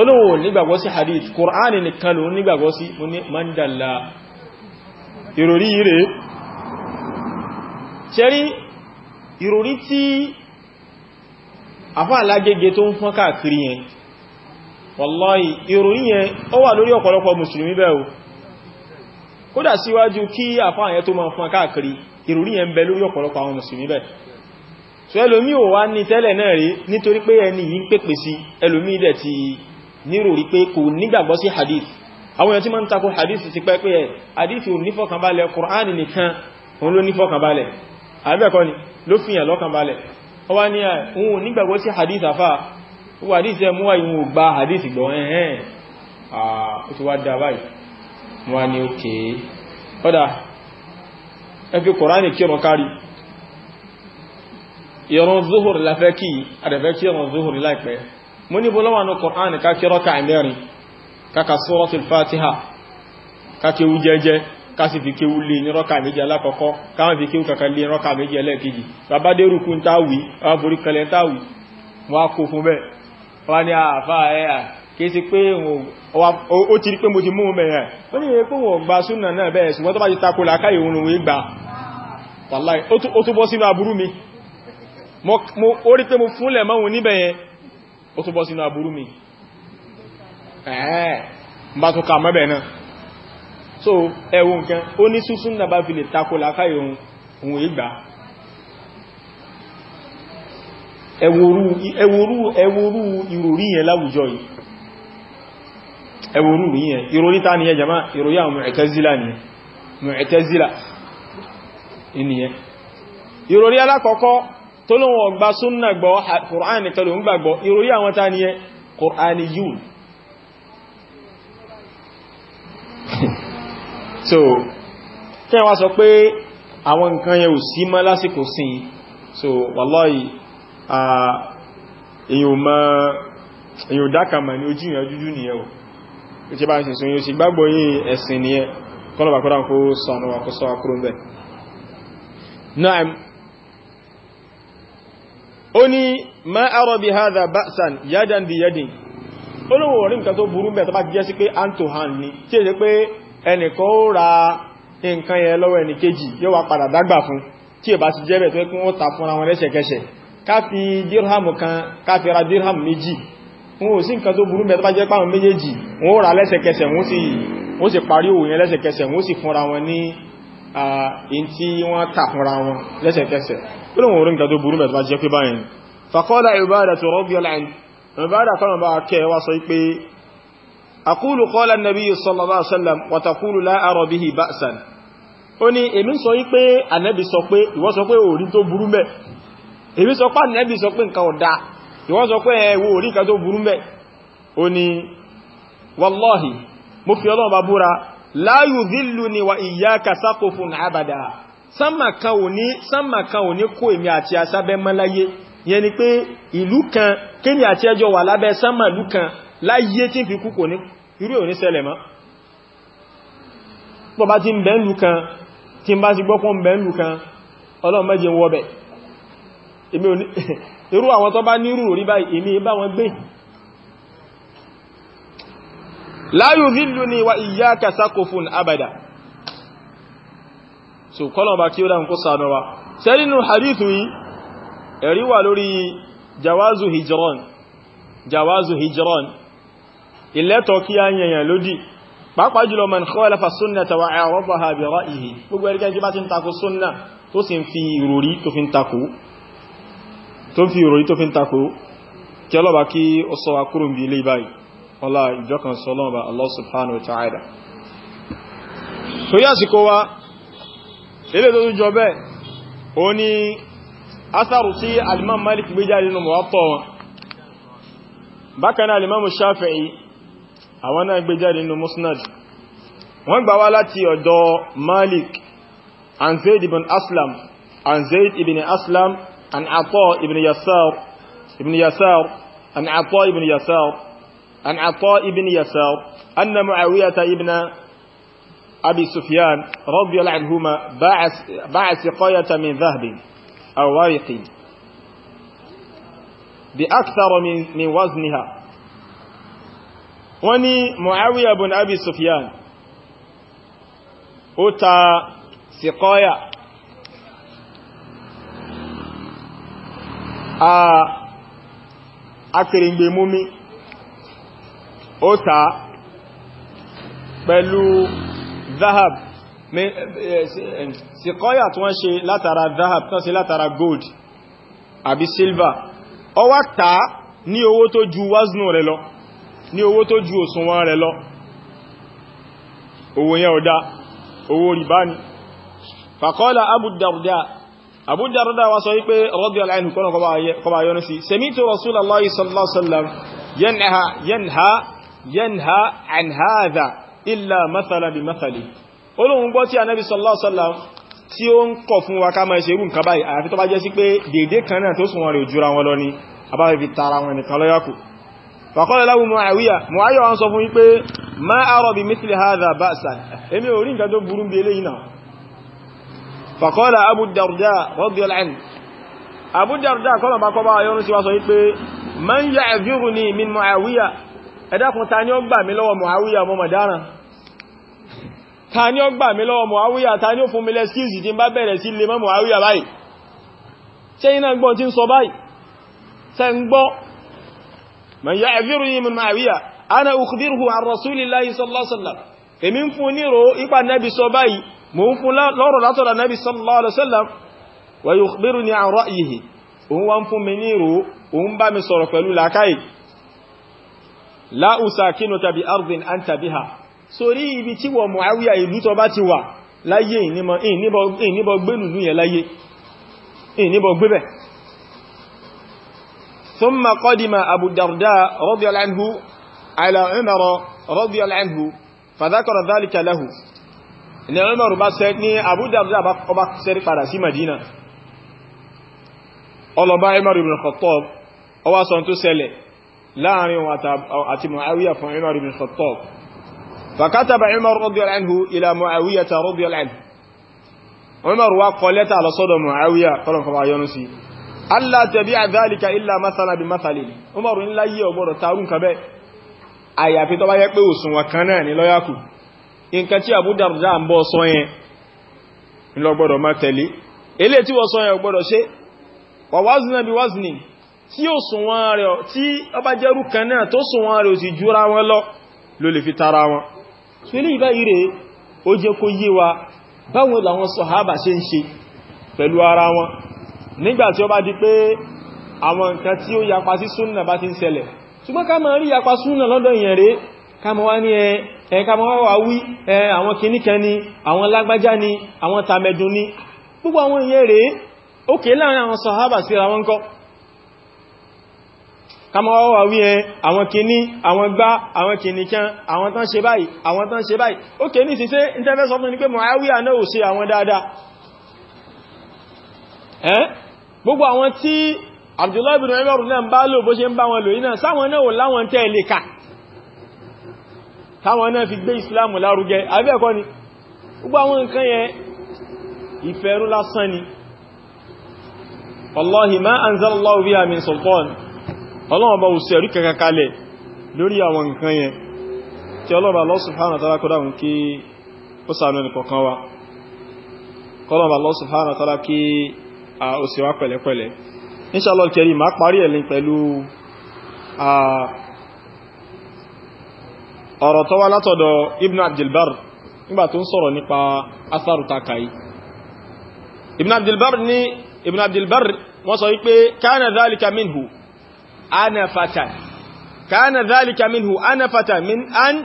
olóòwò nígbàgbọ́ sí hadith Kùránì nìkan ló nígbàgbọ́ sí mandala ìròrí rẹ̀ ṣẹ́rí ìròrí tí afá alágége tó ń fọ́n káàkiri yẹn wallahi ìròrí yẹn ó wà lórí ọ̀pọ̀lọpọ̀ mùsùlùmí bẹ́ẹ̀ o kódà síwájú kí afá yẹn tó máa fọ́n káàkiri ìròrí yẹn ń bẹ lórí ọ̀pọ̀lọpọ̀ àwọn mùsùlùmí bẹ́ẹ̀ so ẹlòmí ò wá ní tẹ́lẹ̀ náà rí nítorí pé ẹni yìí ń pèpè sí ẹlòmí nírò rí pé kò nígbàgbọ́ sí hadith àwọn èèyàn tí ma ń takò hadith ti pẹ́ pé ẹ̀ hadith ò nífọ̀kànbalẹ̀ Qur'an nìkan òun ló nífọ̀kànbalẹ̀ àbẹ́ẹ̀kọ́ ni ló fi hàn lọ́kànbalẹ̀ ó wá ní òun nígbàgbọ́ hadith àfà wà hadith ẹ mú àyíwò hadith gbọ́ ẹ̀hẹ́n ó ti wá dá báyìí wọ́n ni ókè ọ́dá ẹ fi Qur'an kírun kárí ìrun zuhur la kí àdẹ̀fẹ́ kí ìrun zuhur láìpẹ́ mo ní bọ́lọ́wà ní Kùránì káàkiri rọ́kà mẹ́rin káàkà Suratul Fatiha káàkéwú jẹ́jẹ́ káàsì fi kéwú lè ní rọ́kà méjì alákọ̀ọ́kọ́ káàkiri fi kéwú kàkà lè rọ́kà méjì ẹlẹ́ẹ̀kejì babadérukun táwì aborí kẹlẹ̀ táwì wọ́n fún bẹ́ẹ̀ wọ́n ẹ̀yà ó tó si na aburú mi so ewu nke ó ní fi lè takò lákàí ohun ohun ìgbà ẹwòrú ẹwòrú ẹwòrú ìròrí yẹn láwùjọ yìí ta ni jama ìròrí àwọn Mu'tazila ni tó lóhun ọgbà súnnà gbọ́ Kùránì kẹlò ń gbàgbọ́ ìròrí àwọn ta ni ẹ Kùránì yìí so kí wọ́n sọ pé àwọn nǹkan yẹ ò sí mọ́ lásìkò sí so wallahi èyàn dákàmà ní ojú ìyàn jújú nìyẹn o ìtí bá ń sin sóyún sí gbàgbọ́ yìí ẹ̀sìn nìyẹn kọ́lọ̀bà kọ́lá kó sọ̀nà wà kó sọ́wà kúrò bẹ́ẹ̀ ó ní ma arọ bí haza ba'san yadan bí yadin olówó orí nǹkan tó burú bẹ̀ tó bá jẹ́ sí pé hand to hand ni tí è pé ẹnìkan ó ra nǹkan yẹn lọ́wọ́ ẹnìkejì yóò wá padà dágbà fún tí è bá ti jẹ́ bẹ̀ tó pé wọ́n ta wọn lẹ́sẹ̀kẹsẹ̀ ká fi kan ká ra dirham méjì wọn ò sí nǹkan tó burú bẹ̀ bá jẹ́ páwọn méjèèjì wọn ó ra lẹ́sẹ̀kẹsẹ̀ wọn ó sì parí òun yẹn lẹ́sẹ̀kẹsẹ̀ wọn ó sì fúnra wọn ní in tí wọ́n tàkùnra wọn lẹ́sẹ̀kẹsẹ̀ tó lóun orí nǹkan tó burú mẹ́ta jẹ́ pé báyìí faqala ìbáda tó rọ́bí ọláìn ìbáda kan bá kẹ́ wá sọ pé aqulu qala an-nabiy sallallahu alaihi wasallam wa taqulu la ara bihi ní èmi sọ pé ànábì sọ pé ìwọ pé orí tó burú mẹ́ èmi sọ pé ànábì sọ pé la yudhilluni wa iyyaka saqfun abada sánmà kan ò ní ò ní kó èmi àti asábẹ́ mọ́láyé yẹn ni pé ìlú kan kémi àti ẹjọ́ wà lábẹ́ sánmà ìlú kan láyé tí fi kú kò ní irú ò ní ṣẹlẹ̀ mọ́ pọ̀ bá ti ń bẹ́ ìlú kan tí ń bá ti gbọ́pọ̀ ń bẹ́ ìlú kan ọlọ́run mẹ́jẹ la yudhilluni wa iyyaka saqfun abada so kọ́lọ̀ bá kí ó dáhùn kó sànà wa sẹ́rínú hadithu yìí ẹ̀rí wà lórí jawazu hijron jawazu hijron ilẹ́tọ̀ kí a yẹ̀yàn lódì pàápàá jùlọ man khalafa sunnata wa a'radaha bi ra'yihi gbogbo ẹ̀rí bá ti ń takò tó sì fi ìròrí tó fi ń tó fi ìròrí tó fi ń kí ọlọ́ba kí ó sọ akúrò bí ilé báyìí ọlá ìjọkan sọlọ́ọ̀bà Allah subhanahu wa ta'ala tó yá sí kó wá ilé tó tún jọ bẹ́ẹ̀ o ní asáàrù sí alimam Malik gbé jáde nínú Muwatta wọn bákanáà alimam Shafi'i àwọn náà gbé jáde nínú Musnad wọ́n gbà wá láti ọ̀dọ̀ Malik an ibn Aslam an ibn Aslam an Ata ibn Yasar ibn Yasar an Ata ibn Yasar عن عطاء بن يسار أن معاوية ابن أبي سفيان رضي الله عنهما باع سقاية من ذهب أو ورق بأكثر من, من وزنها وني معاوية بن أبي سفيان أتى سقاية آه، أكرم بمومي ó ta pẹ̀lú zahab eh, eh, síkọ́yà eh, tí wọ́n ṣe látara zahab tán sí látara gold àbí silver ó wá ta ní owó tó ju waznu rẹ̀ lọ ní owó tó ju òsùnwọ́n rẹ̀ lọ owó yẹn ọ̀dá owó rìbá ni fàkọ́lá Abu Darda Abu Darda wá sọ wípé radiyallahu anhu kọ́nà kọba yọ́nà sí sami'tu Rasulallahi yẹnha عن هذا إلا مثلا mathali olóhun gbọ́ tí anábi sallallahu alaihi wasallam tí ó ń kọ̀ fún wa ká máa ṣe irú nǹkan báyìí àyàfi tó bá jẹ́ sí pé dédé kan náà tó sùn wọn rẹ̀ jura wọn lọ ni àbáwẹ̀ fi tara wọn nìkan lọ́yàkù fàkọ́lẹ̀ láwù Muawiya Muawiya wọn sọ fún wípé ma arọ bi mithli hadha ba'san èmi ò rí nǹkan tó burú bí eléyìí náà fàkọ́lẹ̀ Abu Darda radiyallahu anhu Abu Darda kọ́lọ̀ bá kọ́ bá yọrùn sí wa sọ wípé man ya'dhuruni min Muawiya ẹ dákun ta ni ó gbà mí lọ́wọ́ Muawiya ọmọ Madana ta ni ó gbà mí lọ́wọ́ Muawiya ta ni ó fún mi lẹ́skíìsì tí ń bá bẹ̀rẹ̀ sí lè mọ́ Muawiya báyìí ṣe iná gbọ́ tí ń sọ báyìí ṣe ń gbọ́ man ya'dhiruni min Muawiya ana ukhbiruhu an Rasulillahi sallallahu alaihi wasallam èmi ń fún níro ipa nẹ́bi sọ báyìí mo ń fún láùsà kínú tàbí ardin an tàbí ha sórí ibi tí wọ Muawiya ìlú tó bá ti wà láyé ìníbọ̀ gbélùlú yẹn láyé ìníbọ̀ gbébẹ̀ ثم قدم أبو الدرداء رضي الله عنه على عمر رضي الله عنه فذكر ذلك له ni Umar bá sẹ́ ní Abu Darda ọba sẹ́rí padà sí Madina ọlọ́bá Umar ibn ọwá sọ tó ṣẹlẹ̀ láàrin wọn àti Muawiya fún Umar ibn Khattab fakátàbà Umar radiyallahu anhu ila Muawiya ta radiyallahu anhu Umar wá kọ lẹ́tà lọ sọ́dọ̀ Muawiya kọlọ̀n kọba yọnu sí Allah tabi'a dhalika illa mathala bi mathali Umar ń láyé ọgbọ́dọ̀ tarun wa wazna bi wazni tí ó sùnwọ́n rẹ̀ tí ó bá jẹ́rú kan náà tó sùnwọ́n rẹ̀ ò sì júra wọn lọ ló lè fi tara wọn tí ilé ìbá ire ó jẹ́ kó yé wa báwọn làwọn sọ̀hábà ṣe ń ṣe pẹ̀lú ara wọn nígbà tí ó bá di pé àwọn nǹkan tí ó yapa sí súnnà bá ti ń ṣẹlẹ̀ ṣùgbọ́n gbogbo àwọn èèyàn rẹ̀ ó láàrin àwọn sọ̀hábà síra wọn kọ́ kama wọ́wọ́ wí ẹ àwọn kìíní àwọn gbá àwọn kìíní kí àwọn tán ṣe báyìí àwọn tán ṣe báyìí ó kè ní ìsìnṣẹ́ ìtẹ́fẹ́ sọ fún ní pé Muawiya náà ò ṣe àwọn dáadáa ẹ́ gbogbo àwọn tí Abdullahi bin Umar náà bá lò bó ṣe ń bá wọn lò yìí náà sáwọn náà ò láwọn tẹ́ lè kà táwọn náà fi gbé Islam lárugẹ abẹ́ẹ̀kọ́ ni gbogbo àwọn nǹkan ọlọ́run bá òsì ẹ̀rí kankan kalẹ̀ lórí àwọn nǹkan yẹn tí ọlọ́run bá Allah subhanahu wa ta'ala kọ́dá wọn kí ó ṣàánú ẹni kọ̀ọ̀kan wa kọ́lọ́run bá Allah subhanahu wa ta'ala kí òsì wa pẹ̀lẹ́pẹ̀lẹ́ inshallah kẹrì máa parí ẹ̀ lẹ́yìn pẹ̀lú ọ̀rọ̀ tó wá látọ̀dọ̀ Ibn Abdilbar wọ́n sọ wípé kana dhalika minhu anafatan kana dhalika minhu anafatan min an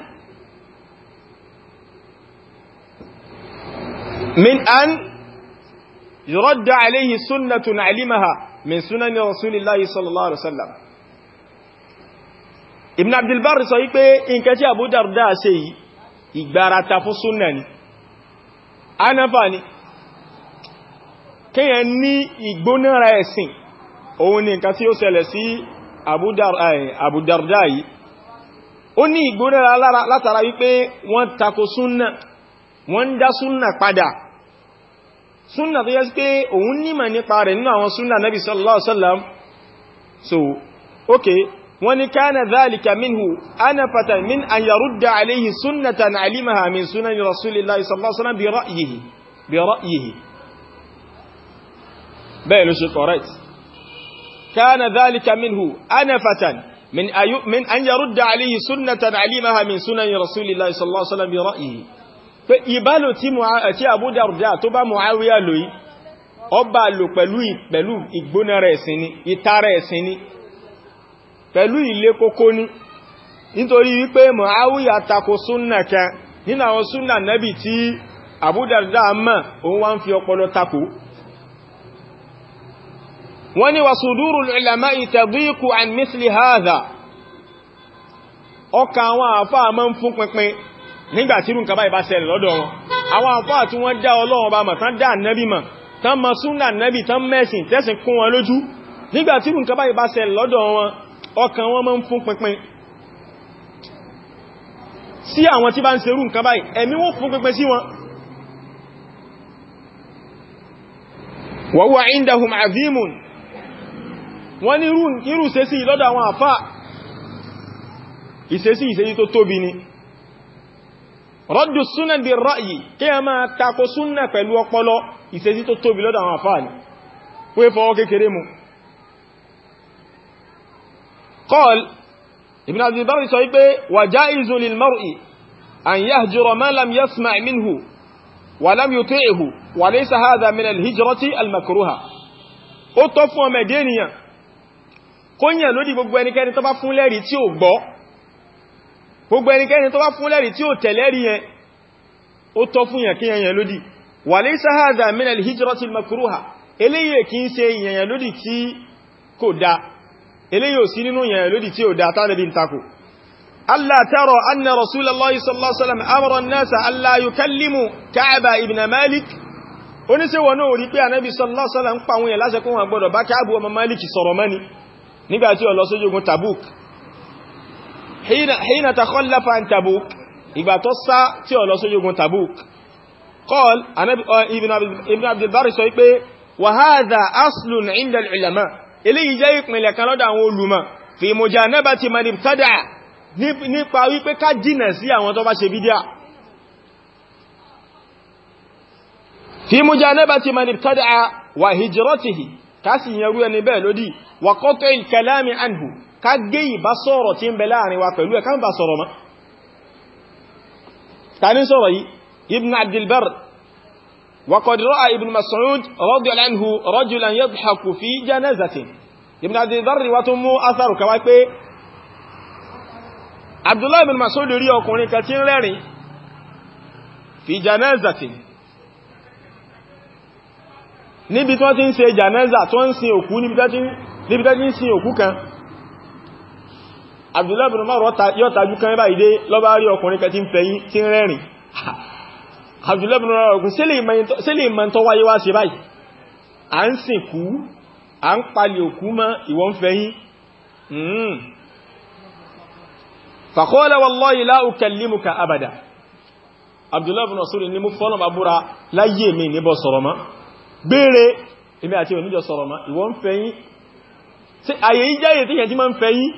min an yuradda alayhi sunnatun alimaha min sunani rasulillahi sallallahu alaihi wasallam ibn abdul barr sọ wípé nǹkan tí abu darda ṣe yìí ìgbárata fún sunna ni anafa ni kéèyàn ní ìgbónára ẹ̀sìn òun ni nǹkan tí ó ṣẹlẹ̀ sí Abu eh, Darda yìí ó ní ìgbónára látara wípé wọ́n tako súnnà wọ́n ń dá súnnà padà súnnà tó yẹ sí pé òun nímọ̀ nípa rẹ̀ nínú àwọn súnnà nabi sallallahu alaihi so okay wọ́n ní kana dhalika minhu anafatan min an yarudda alayhi sunnatan alimaha min sunani rasulillahi sallallahu alaihi wasallam bi ra'yihi bi ra'yihi كان ذلك منه أنفة من, أيو من أن يرد عليه سنة علمها من سنن رسول الله صلى الله عليه وسلم برأيه ìbálò tí Abu Darda tó bá Muawiya lò yìí ọba lò pẹ̀lú pẹ̀lú ìgbóná rẹ̀ ẹ̀sìn ni ìtara ẹ̀sìn ni pẹ̀lú ilé kókó ní nítorí wípé Muawiya tako súnnà kan nínú àwọn súnnà nẹ́bì tí Abu Darda mọ̀ òun wá ń fi ọpọlọ tako wọ́n ní wa sùdúrù ìlàmá ìtàdíkù àn mísìlì haza ọkà àwọn àfáà máa ń fún pínpín nígbàtí irú nǹkan báyìí bá ṣẹlẹ̀ lọ́dọ̀ wọn àwọn àfáà tí wọ́n dá ọlọ́run bá mọ̀ tán dá nẹ́bí mọ̀ tán mọ̀ súnà nẹ́bí tán mẹ́sìn tẹ́sìn kún wọn lójú nígbàtí irú nǹkan wọ́n ní irú ìṣesí lọ́dọ̀ àwọn àfá ìṣesí ìṣesí tó tóbi ni rọ́dù súnà di ra'yí kí a máa tako súnà pẹ̀lú ọpọlọ ìṣesí tó tóbi lọ́dọ̀ àwọn àfá ni wé fọwọ́ kékeré mu qal ibn Abdul Barr sọ wípé wa ja'izu lil mar'i an yahjura ma lam ó tọ́ fún ọmọ ẹ̀dẹ́ ènìyàn kó yàn lódì gbogbo ẹnikẹ́ni tó bá fún lẹ́rìí tí ò gbọ́ gbogbo ẹnikẹ́ni tó bá fún lẹ́rìí tí ò tẹ̀lẹ́rìí yẹn ó tọ́ fún yàn kí yàn lódì wà lè sáhàzà min al-hijrati al-makruha eléyìí kì í ṣe yàn lódì tí kò dá eléyìí ò sí nínú Allah tara anna Rasulullahi sallallahu alaihi wasallam amara an-nasa alla yukallimu Ka'ba ibn Malik oníṣẹ́wọ̀n náà rí pé Ànábì sallallahu alaihi wasallam ń pa àwọn èèyàn láṣẹ kó wọn gbọ́dọ̀ bá Ka'bu ọmọ Malik sọ̀rọ̀ mẹ́ni nígbàtí ó lọ sójúgun Tabuk hina takhallafa an Tabuk ìgbà tó sá tí ó lọ sójúgun Tabuk qal Ibn Abdul Barr sọ pé wa hadha aslun inda al-ulama eléyìí jẹ́ ìpìnlẹ̀ kan lọ́dọ̀ àwọn olùmọ̀ fi mujanabati man ibtada nípa wípé ká jìnà sí àwọn tó bá ṣe bídíà fi mujanabati ká sì yẹrú ẹni bẹ́ẹ̀ lódì wa qat'il kalami anhu ká gé ìbá sọ̀rọ̀ tí ń bẹ láàrin wa pẹ̀lú ẹ̀ ká ń bá sọ̀rọ̀ mọ́ ta ní sọ̀rọ̀ yìí ibn abdulbar wa qad ra'a ibn mas'ud radiyallahu anhu rajulan yadhaku fi janazatin ibn abdulbar wa níbi tí wọ́n ti ń ṣe janaza tó ń sin òkú níbi tí wọ́n ti ń níbi tẹ́ ní sin òkú kan Abdullahi bin Umar yóò tajú kan bá ìdé lọ́bá rí ọkùnrin kan tí ń fẹ̀yìn tí ń rẹ́rìn Abdullahi bin Umar ọkùn sílẹ̀ ìmọ̀ tó wáyé wá sí báyìí à ń sìnkú à ń palẹ̀ òkú mọ́ ìwọ̀n fẹ̀yìn hmm. faqala wallahi la ukallimuka abada Abdullahi bin Mas'ud ni sọ̀rọ̀ mọ́ ìwọ̀n fẹ̀yìn ṣé àyè yìí jẹ́ àyè tí yẹn ti máa ń fẹ́ yín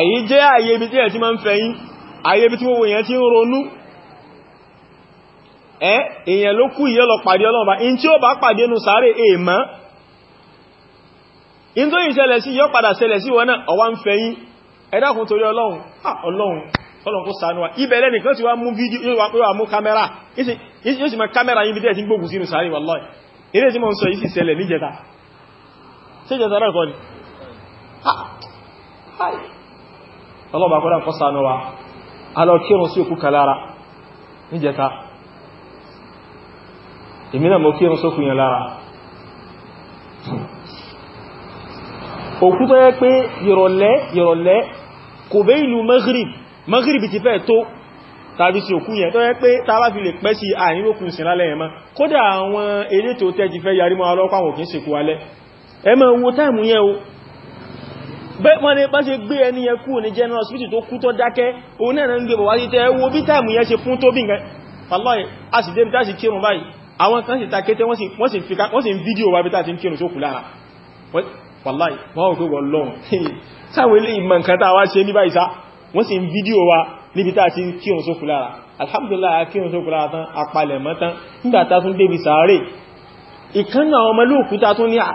àyè jẹ́ àyè ibi tí yẹn ti máa ń fẹ́ yín àyè ibi tí gbogbo yẹn ti ń ronú ẹ́ èèyàn ló kú ìyẹ́ lọ pàdé Ọlọ́run bá in tí ó bá pàdé nù sáré èèmọ́ in tó yìí ṣẹlẹ̀ sí yọ́ padà ṣẹlẹ̀ sí wọn náà ọwá ń fẹ́ yín ẹ dákun torí Ọlọ́run ah, Ọlọ́run Ọlọ́run kó ṣàánú wa ibẹ̀ lẹ́nìkan ti wá mú fídíò yóò wá pé wà mú kámẹ́rà yóò sì mọ kámẹ́rà yìí bí tẹ́ ti gbógun sínú sáré wà lọ́ọ̀ eré tí mo ń sọ sí ìjẹta náà kọ́ ni ọlọ́bà kọ́lá ń kọ́sà náà wa alọ́kírun sí òkú kalára níjẹta èmi náà mọ́ kírun sókù yẹn lára òkú tó yẹ pé ìrọ̀lẹ́ ìrọ̀lẹ́ kò bẹ́ ìlú maghrib maghrib ti fẹ́ tó tàbí sí òkú yẹn tó yẹ pé tàbá fi lè pẹ́ sí àìníwòkú lálẹ́ yẹn kódà àwọn elétò tẹ́ ti fẹ́ yarí mọ́ alọ́pàá òkín sèkú alẹ́ ẹ máa wo táìmù yẹn o wọ́n ni bá ṣe gbé ẹni yẹn kú ní general hospital tó kú tó dákẹ́ òun náà ń gbé bọ̀ wá sí tẹ́ wo bí táìmù yẹn ṣe fún tó bí nǹkan aláì a sì dé bí tá sì kírun báyìí àwọn kan sì takété wọ́n sì ń fídíò wá bí tá ti ń kírun tó kù lára wàláì wọ́n gbé wọ́n lọ́n sáwọn ilé ìmọ̀ nǹkan tá wá ṣe ní báyìí sá wọ́n sì ń fídíò wá níbi tá ti ń kírun tó kù lára alhamdulillah kírun tó kù lára tán apalẹ̀mọ́ tán nígbà tá tún débi sàárè ìkánná àwọn ọmọlúòkúta tún ní ah,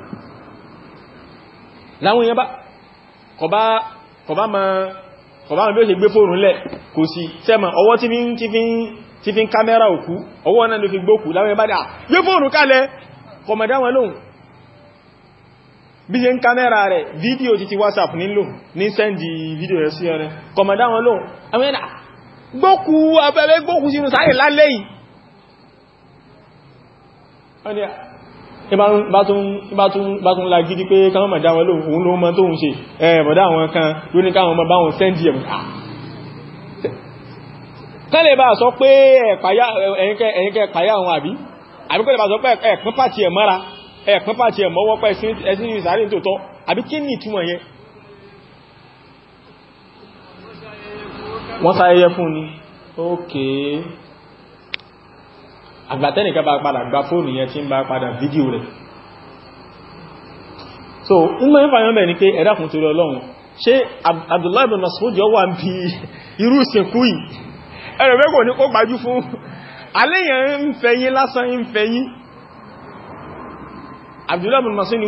láwọn èèyàn bá kọba ma bí ó ṣe gbé fóònù lẹ̀ kò sí sẹ́mà ọwọ́ tí fi ń kámẹ́rà òkú ọwọ́ náà ló fi gbókù láwọn èèyàn bá dà gbé fóònù kalẹ̀ kọmọdá wọn lóhun bí ṣe ń kámẹ́rà rẹ̀ fídíò ti ti whatsapp nílò ní sẹ́ndì fídíò rẹ̀ sí ọrẹ kọmọdá lóhun bá tún lágídí pé káwọn mọ̀ dáwọn lóhun òun ló mọ́ tóhun ṣe ẹ̀bọ̀dá àwọn kan ló ní káwọn mọ́ báwọn sẹ́ndì ẹ̀mù kẹ́lẹ̀ bá sọ pé ẹ̀yìnkẹ́ pàyà àwọn àbí àbí kẹ́lẹ̀ bá sọ pé ẹ̀pín pàtì ẹ̀ mọ́ra ẹ̀pín pàtì ẹ̀ mọ́wọ́ pẹ́ ẹ̀sìn ìsàárì tòótọ́ àbí kí ni ìtumọ̀ yẹn wọ́n sáyẹyẹ fún ni ókèé àgbàtẹ́nìkan bá padà gba fóònù yẹn tí ń bá padà fídíò rẹ̀ so in mọ́ ìfà yọ́mẹ̀ ni pé ẹ̀dàkùn torí ọlọ́run ṣe Abdullahi bin Mas'ud jọ wà ń bí irú ìsìnkú yìí ẹ̀rẹ̀ mẹ́kò ní kó gbajú fún aléyàn ń fẹ́yìn lásán ń fẹ́yìn Abdullahi bin Mas'ud ni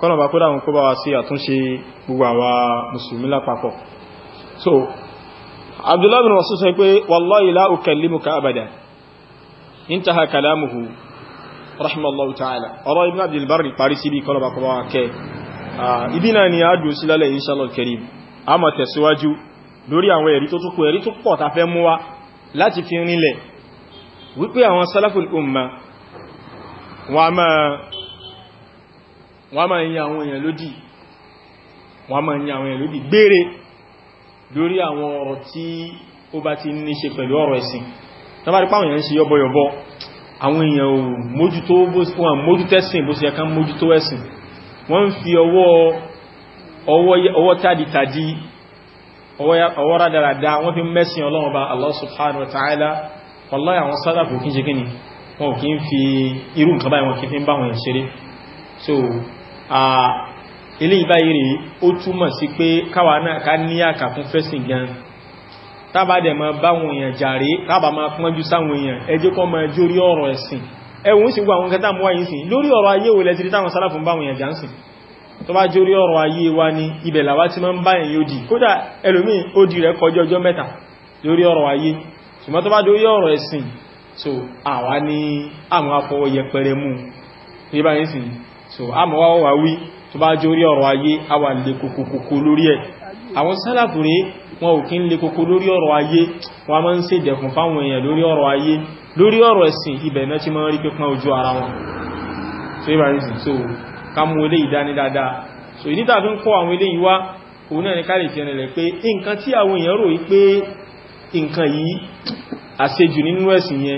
kọ́lọ̀bà kó dáhùn kó bá wa sí àtúnṣe gbogbo àwa mùsùlùmí lápapọ̀ so abdullahi bin wasu sọ pé wallahi la ukallimuka abadan intaha kalamuhu rahimallahu ta'ala ọ̀rọ̀ ibn abdul barri parí sí bí kọ́lọ̀bà kó bá wa kẹ́ ibi náà ni a dùn sí lálẹ́ inshallah karim a mọ̀ tẹ̀síwájú lórí àwọn ẹ̀rí tó túnkù ẹ̀rí tó pọ̀ ta fẹ́ wọ́n máa ń yìn àwọn èèyàn lódì wọ́n máa ń yìn àwọn èèyàn lódì gbére lórí àwọn ọ̀rọ̀ tí ó bá ti ní ṣe pẹ̀lú ọ̀rọ̀ ẹ̀sìn tó bá rí pàwọn èèyàn ń ṣe yọ́bọ̀yọ̀bọ̀ àwọn èèyàn mójútó ẹ̀sìn wọ́n fi ọwọ́ tádìtàdì ọwọ́ rádaràdá wọ́n fi mẹ́sìn ọlọ́run Allah subhanahu wa ta'ala wallahi àwọn sálàpù kí ń ṣe kí fi irú nǹkan báyìí wọn kì so ilé ìbáyìí rí ó túmọ̀ sí pé káwa náà ká ní àkà fún fẹ́sìn gan tábà dẹ̀ máa báwọn èèyàn jàre tábà máa pọ́njú sáwọn èèyàn ẹjẹ́ kọ́ máa jórí ọ̀rọ̀ ẹ̀sìn ẹ̀wọ̀n sì gbọ́ àwọn kẹta mú wáyé sìn lórí ọ̀rọ̀ ayé wo lẹ́tìrí táwọn sálàfún báwọn èèyàn jáǹsìn tó bá jórí ọ̀rọ̀ ayé wa ní èèyàn òdì so àwa ní àwọn afọwọ́ yẹpẹrẹ so a mọ̀ wá wà wí tó bá jórí ọ̀rọ̀ ayé a wà lè kòkòkòkò lórí ẹ̀ àwọn sálàfù rẹ̀ wọn ò kí ń lè kòkò lórí ọ̀rọ̀ ayé wọn máa ń ṣe dẹ̀kùn fáwọn èèyàn lórí ọ̀rọ̀ ayé lórí so ibà rí so ká mú ilé ìdání dáadáa so ìdí tàbí ń kọ́ àwọn ilé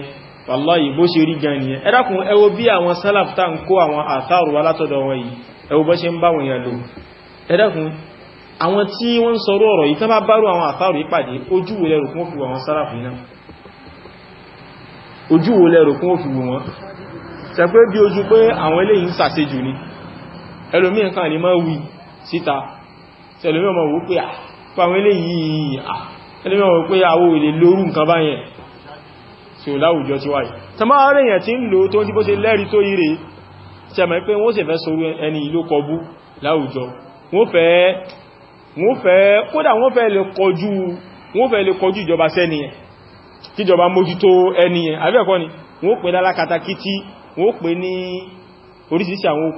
wàláyì bó ṣe rí gan nìyẹn ẹ dákun ẹ wò bí àwọn salaf tá ń kó àwọn àtàrù alátọ́dọ̀ wọn yìí ẹ wò bó ṣe ń bá wọn yàn lò ẹ dákun àwọn tí wọ́n ń sọ̀rọ̀ ọ̀rọ̀ yìí tán bá bárò àwọn àtàrù yìí pàdé ojú wo lẹ́rù kún ó fi wọ àwọn salaf yìí náà ojú wo lẹ́rù kún wọn ṣe pé bí ojú pé àwọn eléyìí ń ṣàṣejù ni ẹlòmíì kan ní máa wí síta ẹlòmíì ọmọ wò pé àwọn eléyìí ẹlòmíì ọmọ wò pé àwọn tí ó láwùjọ ti wáyé tó máa rẹ̀ èyàn tí ń lò tó ń tí bó ṣe lẹ́rí tó yìí rẹ̀ tí a mẹ́ pé wọ́n sì fẹ́ sorú ẹni ìlú kọbú láwùjọ wọ́n fẹ́ kódà wọ́n fẹ́ lè kọjú wọ́n fẹ́ lè kọjú ìjọba sẹ́ni ẹ̀ kí ìjọba mójútó ẹni ẹ̀ àbẹ́ẹ̀kọ́ ni wọ́n pè lálákata kítí wọ́n pè ní oríṣiríṣi àwọn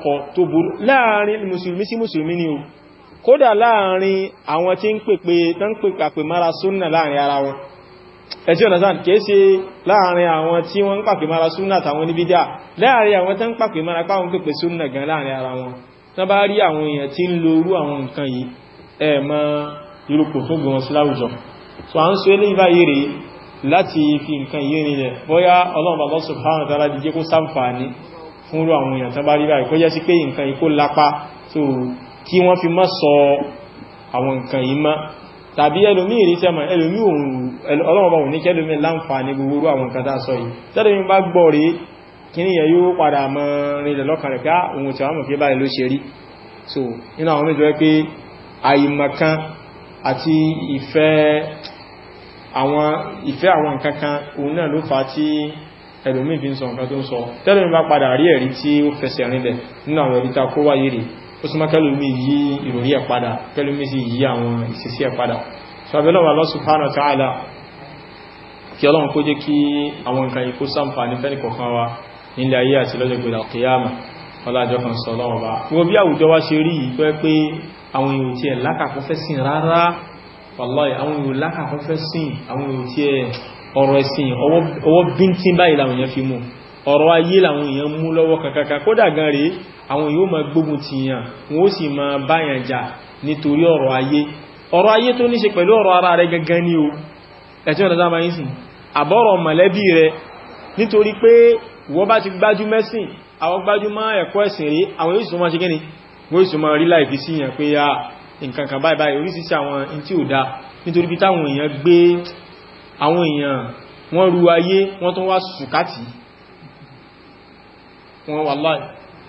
kódà láàrin àwọn tí ń pèpè tán pèpè àpè mara súnnà láàrin ara wọn ẹ̀tí ọ̀nàzán kìí ṣe láàrin àwọn tí wọ́n ń pàpè mara súnà àtàwọn oníbídà láàrin àwọn tó ń pàpè mara páwọn pèpè súnà gan láàrin ara wọn tán bá rí àwọn èèyàn tí ń lo orú àwọn nǹkan yìí ẹ̀ mọ irúpò tó gbọ́n sí láwùjọ so à ń so eléyìí báyìí rèé láti fi nǹkan yìí rinlẹ̀ bóyá Ọlọ́run subhanahu wa ta'ala di jẹ́ kó sáǹfààní fún irú àwọn èèyàn tán bá rí báyìí kó jẹ́ sí pé nǹkan yìí kó lápá so kí wọ́n fi mọ́ sọ àwọn nǹkan tàbí ẹlòmí ìrísẹ́mọ̀ ẹlòmí ọlọ́mọba òní kẹlòmí láǹfààní gbogbo àwọn nǹkan tá sọ yìí tẹ́lòmí bá gbọ́ rí kí ní yẹ yóò padà mọ́ rinlẹ̀ lọ́kàn ohun tí wọ́n mọ̀ kí so inú àwọn méjì wẹ́ pé àìmọ̀kan àti ìfẹ́ àwọn ìfẹ́ àwọn nǹkan kan òun náà ló fà á tí ẹlòmí fi ń sọ nǹkan tó ń bá ó sì má kẹlùmí yí ìròrí ẹ̀ padà kẹlùmí sí yí àwọn ìsìsí ẹ̀ padà so abẹ́lọ́wà Allah subhanahu wa ta'ala kí ọlọ́run kó jẹ́ kí àwọn nǹkan ikú sáǹfàní fẹ́ni kọ̀kan wa nílẹ̀ ayé àti lọ́jọ́ gbèrà kìyàmà ọlájọ́ kan sọ ọlọ́run bá wo bí àwùjọ wa ṣe rí ìgbẹ́ pé àwọn èèyàn tí ẹ̀ lákàkún fẹ́ sìn rárá wàláhì àwọn èèyàn lákàkún fẹ́ àwọn yóò máa gbógun ti yàn wọ́n ó sì máa báyàn jà nítorí ọ̀rọ̀ ayé ọ̀rọ̀ ayé tó ní ṣe pẹ̀lú ọ̀rọ̀ ara rẹ̀ gangan ni o ẹ̀tí ọ̀dá máa yìí sìn àbọ̀rọ̀ mọ̀lẹ́bí rẹ̀ nítorí pé wọ́n bá ti gbájú mẹ́sìn àwọn gbájú má ẹ̀kọ́ ẹ̀sìn rí ya ah, nǹkan kan báyìí báyìí oríṣiríṣi àwọn in tí ò da nítorí bí táwọn èèyàn gbé àwọn èèyàn wọ́n ru wọ́n wà láì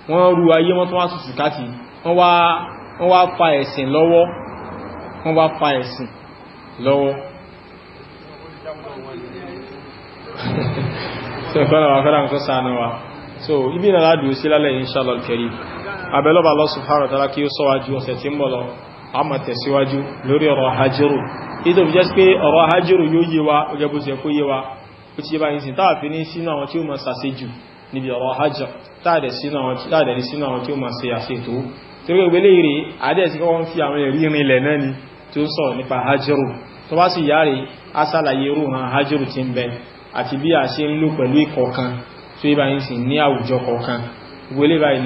wọ́n ru ayé wọ́n tó wá sùsù káàkiri wọ́n wá fa ẹ̀sìn lọ́wọ́ wọ́n wá fa lọ́wọ́ so kọ́nà wà fẹ́ràn kọ́ so ibi sí lálẹ́ inshallah kẹrì abẹ́lọ́bà Allah subhanahu wa ta'ala kí ó sọ́wájú ọ̀sẹ̀ tí ń bọ̀ lọ a tẹ̀síwájú lórí ọ̀rọ̀ hajjiru ìtò pé ọ̀rọ̀ yóò yé wa ó jẹ́ bó ṣe kó yé wa ó ti yé bá yìí sí táà fi ní sínú àwọn tí ó mọ̀ níbi ọ̀rọ̀ hajj táàdẹ̀ sínú àwọn tí ó ma ṣe àṣètò tí ó gbélé rí àdẹ́ sí wọ́n fi àwọn ìrí ìrìnlẹ̀ náà ni tí ó sọ nípa hajjru tó bá sì yáre asàlàyé irú hàn hajjru ti ń bẹ àti bí a ṣe ń lò pẹ̀lú ìkọ̀kan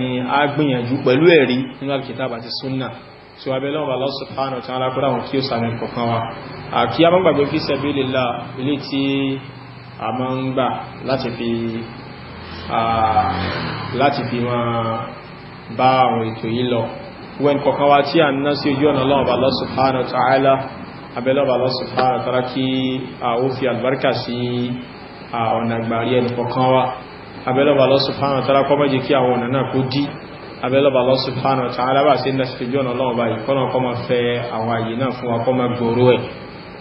ni a gbìyànjú pẹ̀lú ẹ̀rí nínú Al-Kitab àti Sunnah tí wà bẹ́lọ́wọ́ Allah subhanahu wa ta'ala kúrò àwọn kí ó sàmì kọ̀kan wa àkíyàmọ́gbàgbé fi sabilillah ilé ń gbà láti fi láti fi máa bá àwọn ètò yìí lọ wẹ́n kọ̀kan wá tí a ná sí ojú ọ̀nà lọ́wọ́ Allah subhanahu wa ta'ala abẹ́lọ́wọ́ Allah subhanahu wa kí a ó fi albarka sí ọ̀nà gbàrí ẹni kọ̀kan wá abẹ́lọ́wọ́ Allah subhanahu wa ta'ala kó kí àwọn ọ̀nà náà kó dí abẹ́lọ́bà Allah subhanahu wa ta'ala bá sí ẹ̀lẹ́sì fìjọ́nà lọ́wọ́ báyìí kọ́nà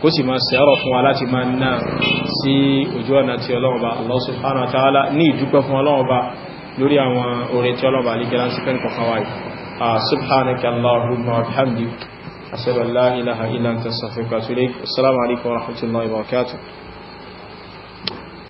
kó sì máa sẹ́rọ̀ fún wa láti máa ná sí ojú ọ̀nà tí ọlọ́ọ̀bá Allah subhanahu wa ta'ala ní ìdúpẹ́ fún ọlọ́ọ̀bá lórí àwọn oore tí ọlọ́ọ̀bá alìkẹ́lá sí pẹ́ǹkọ̀ kọwàá subhanaka allahumma wa bihamdik ashhadu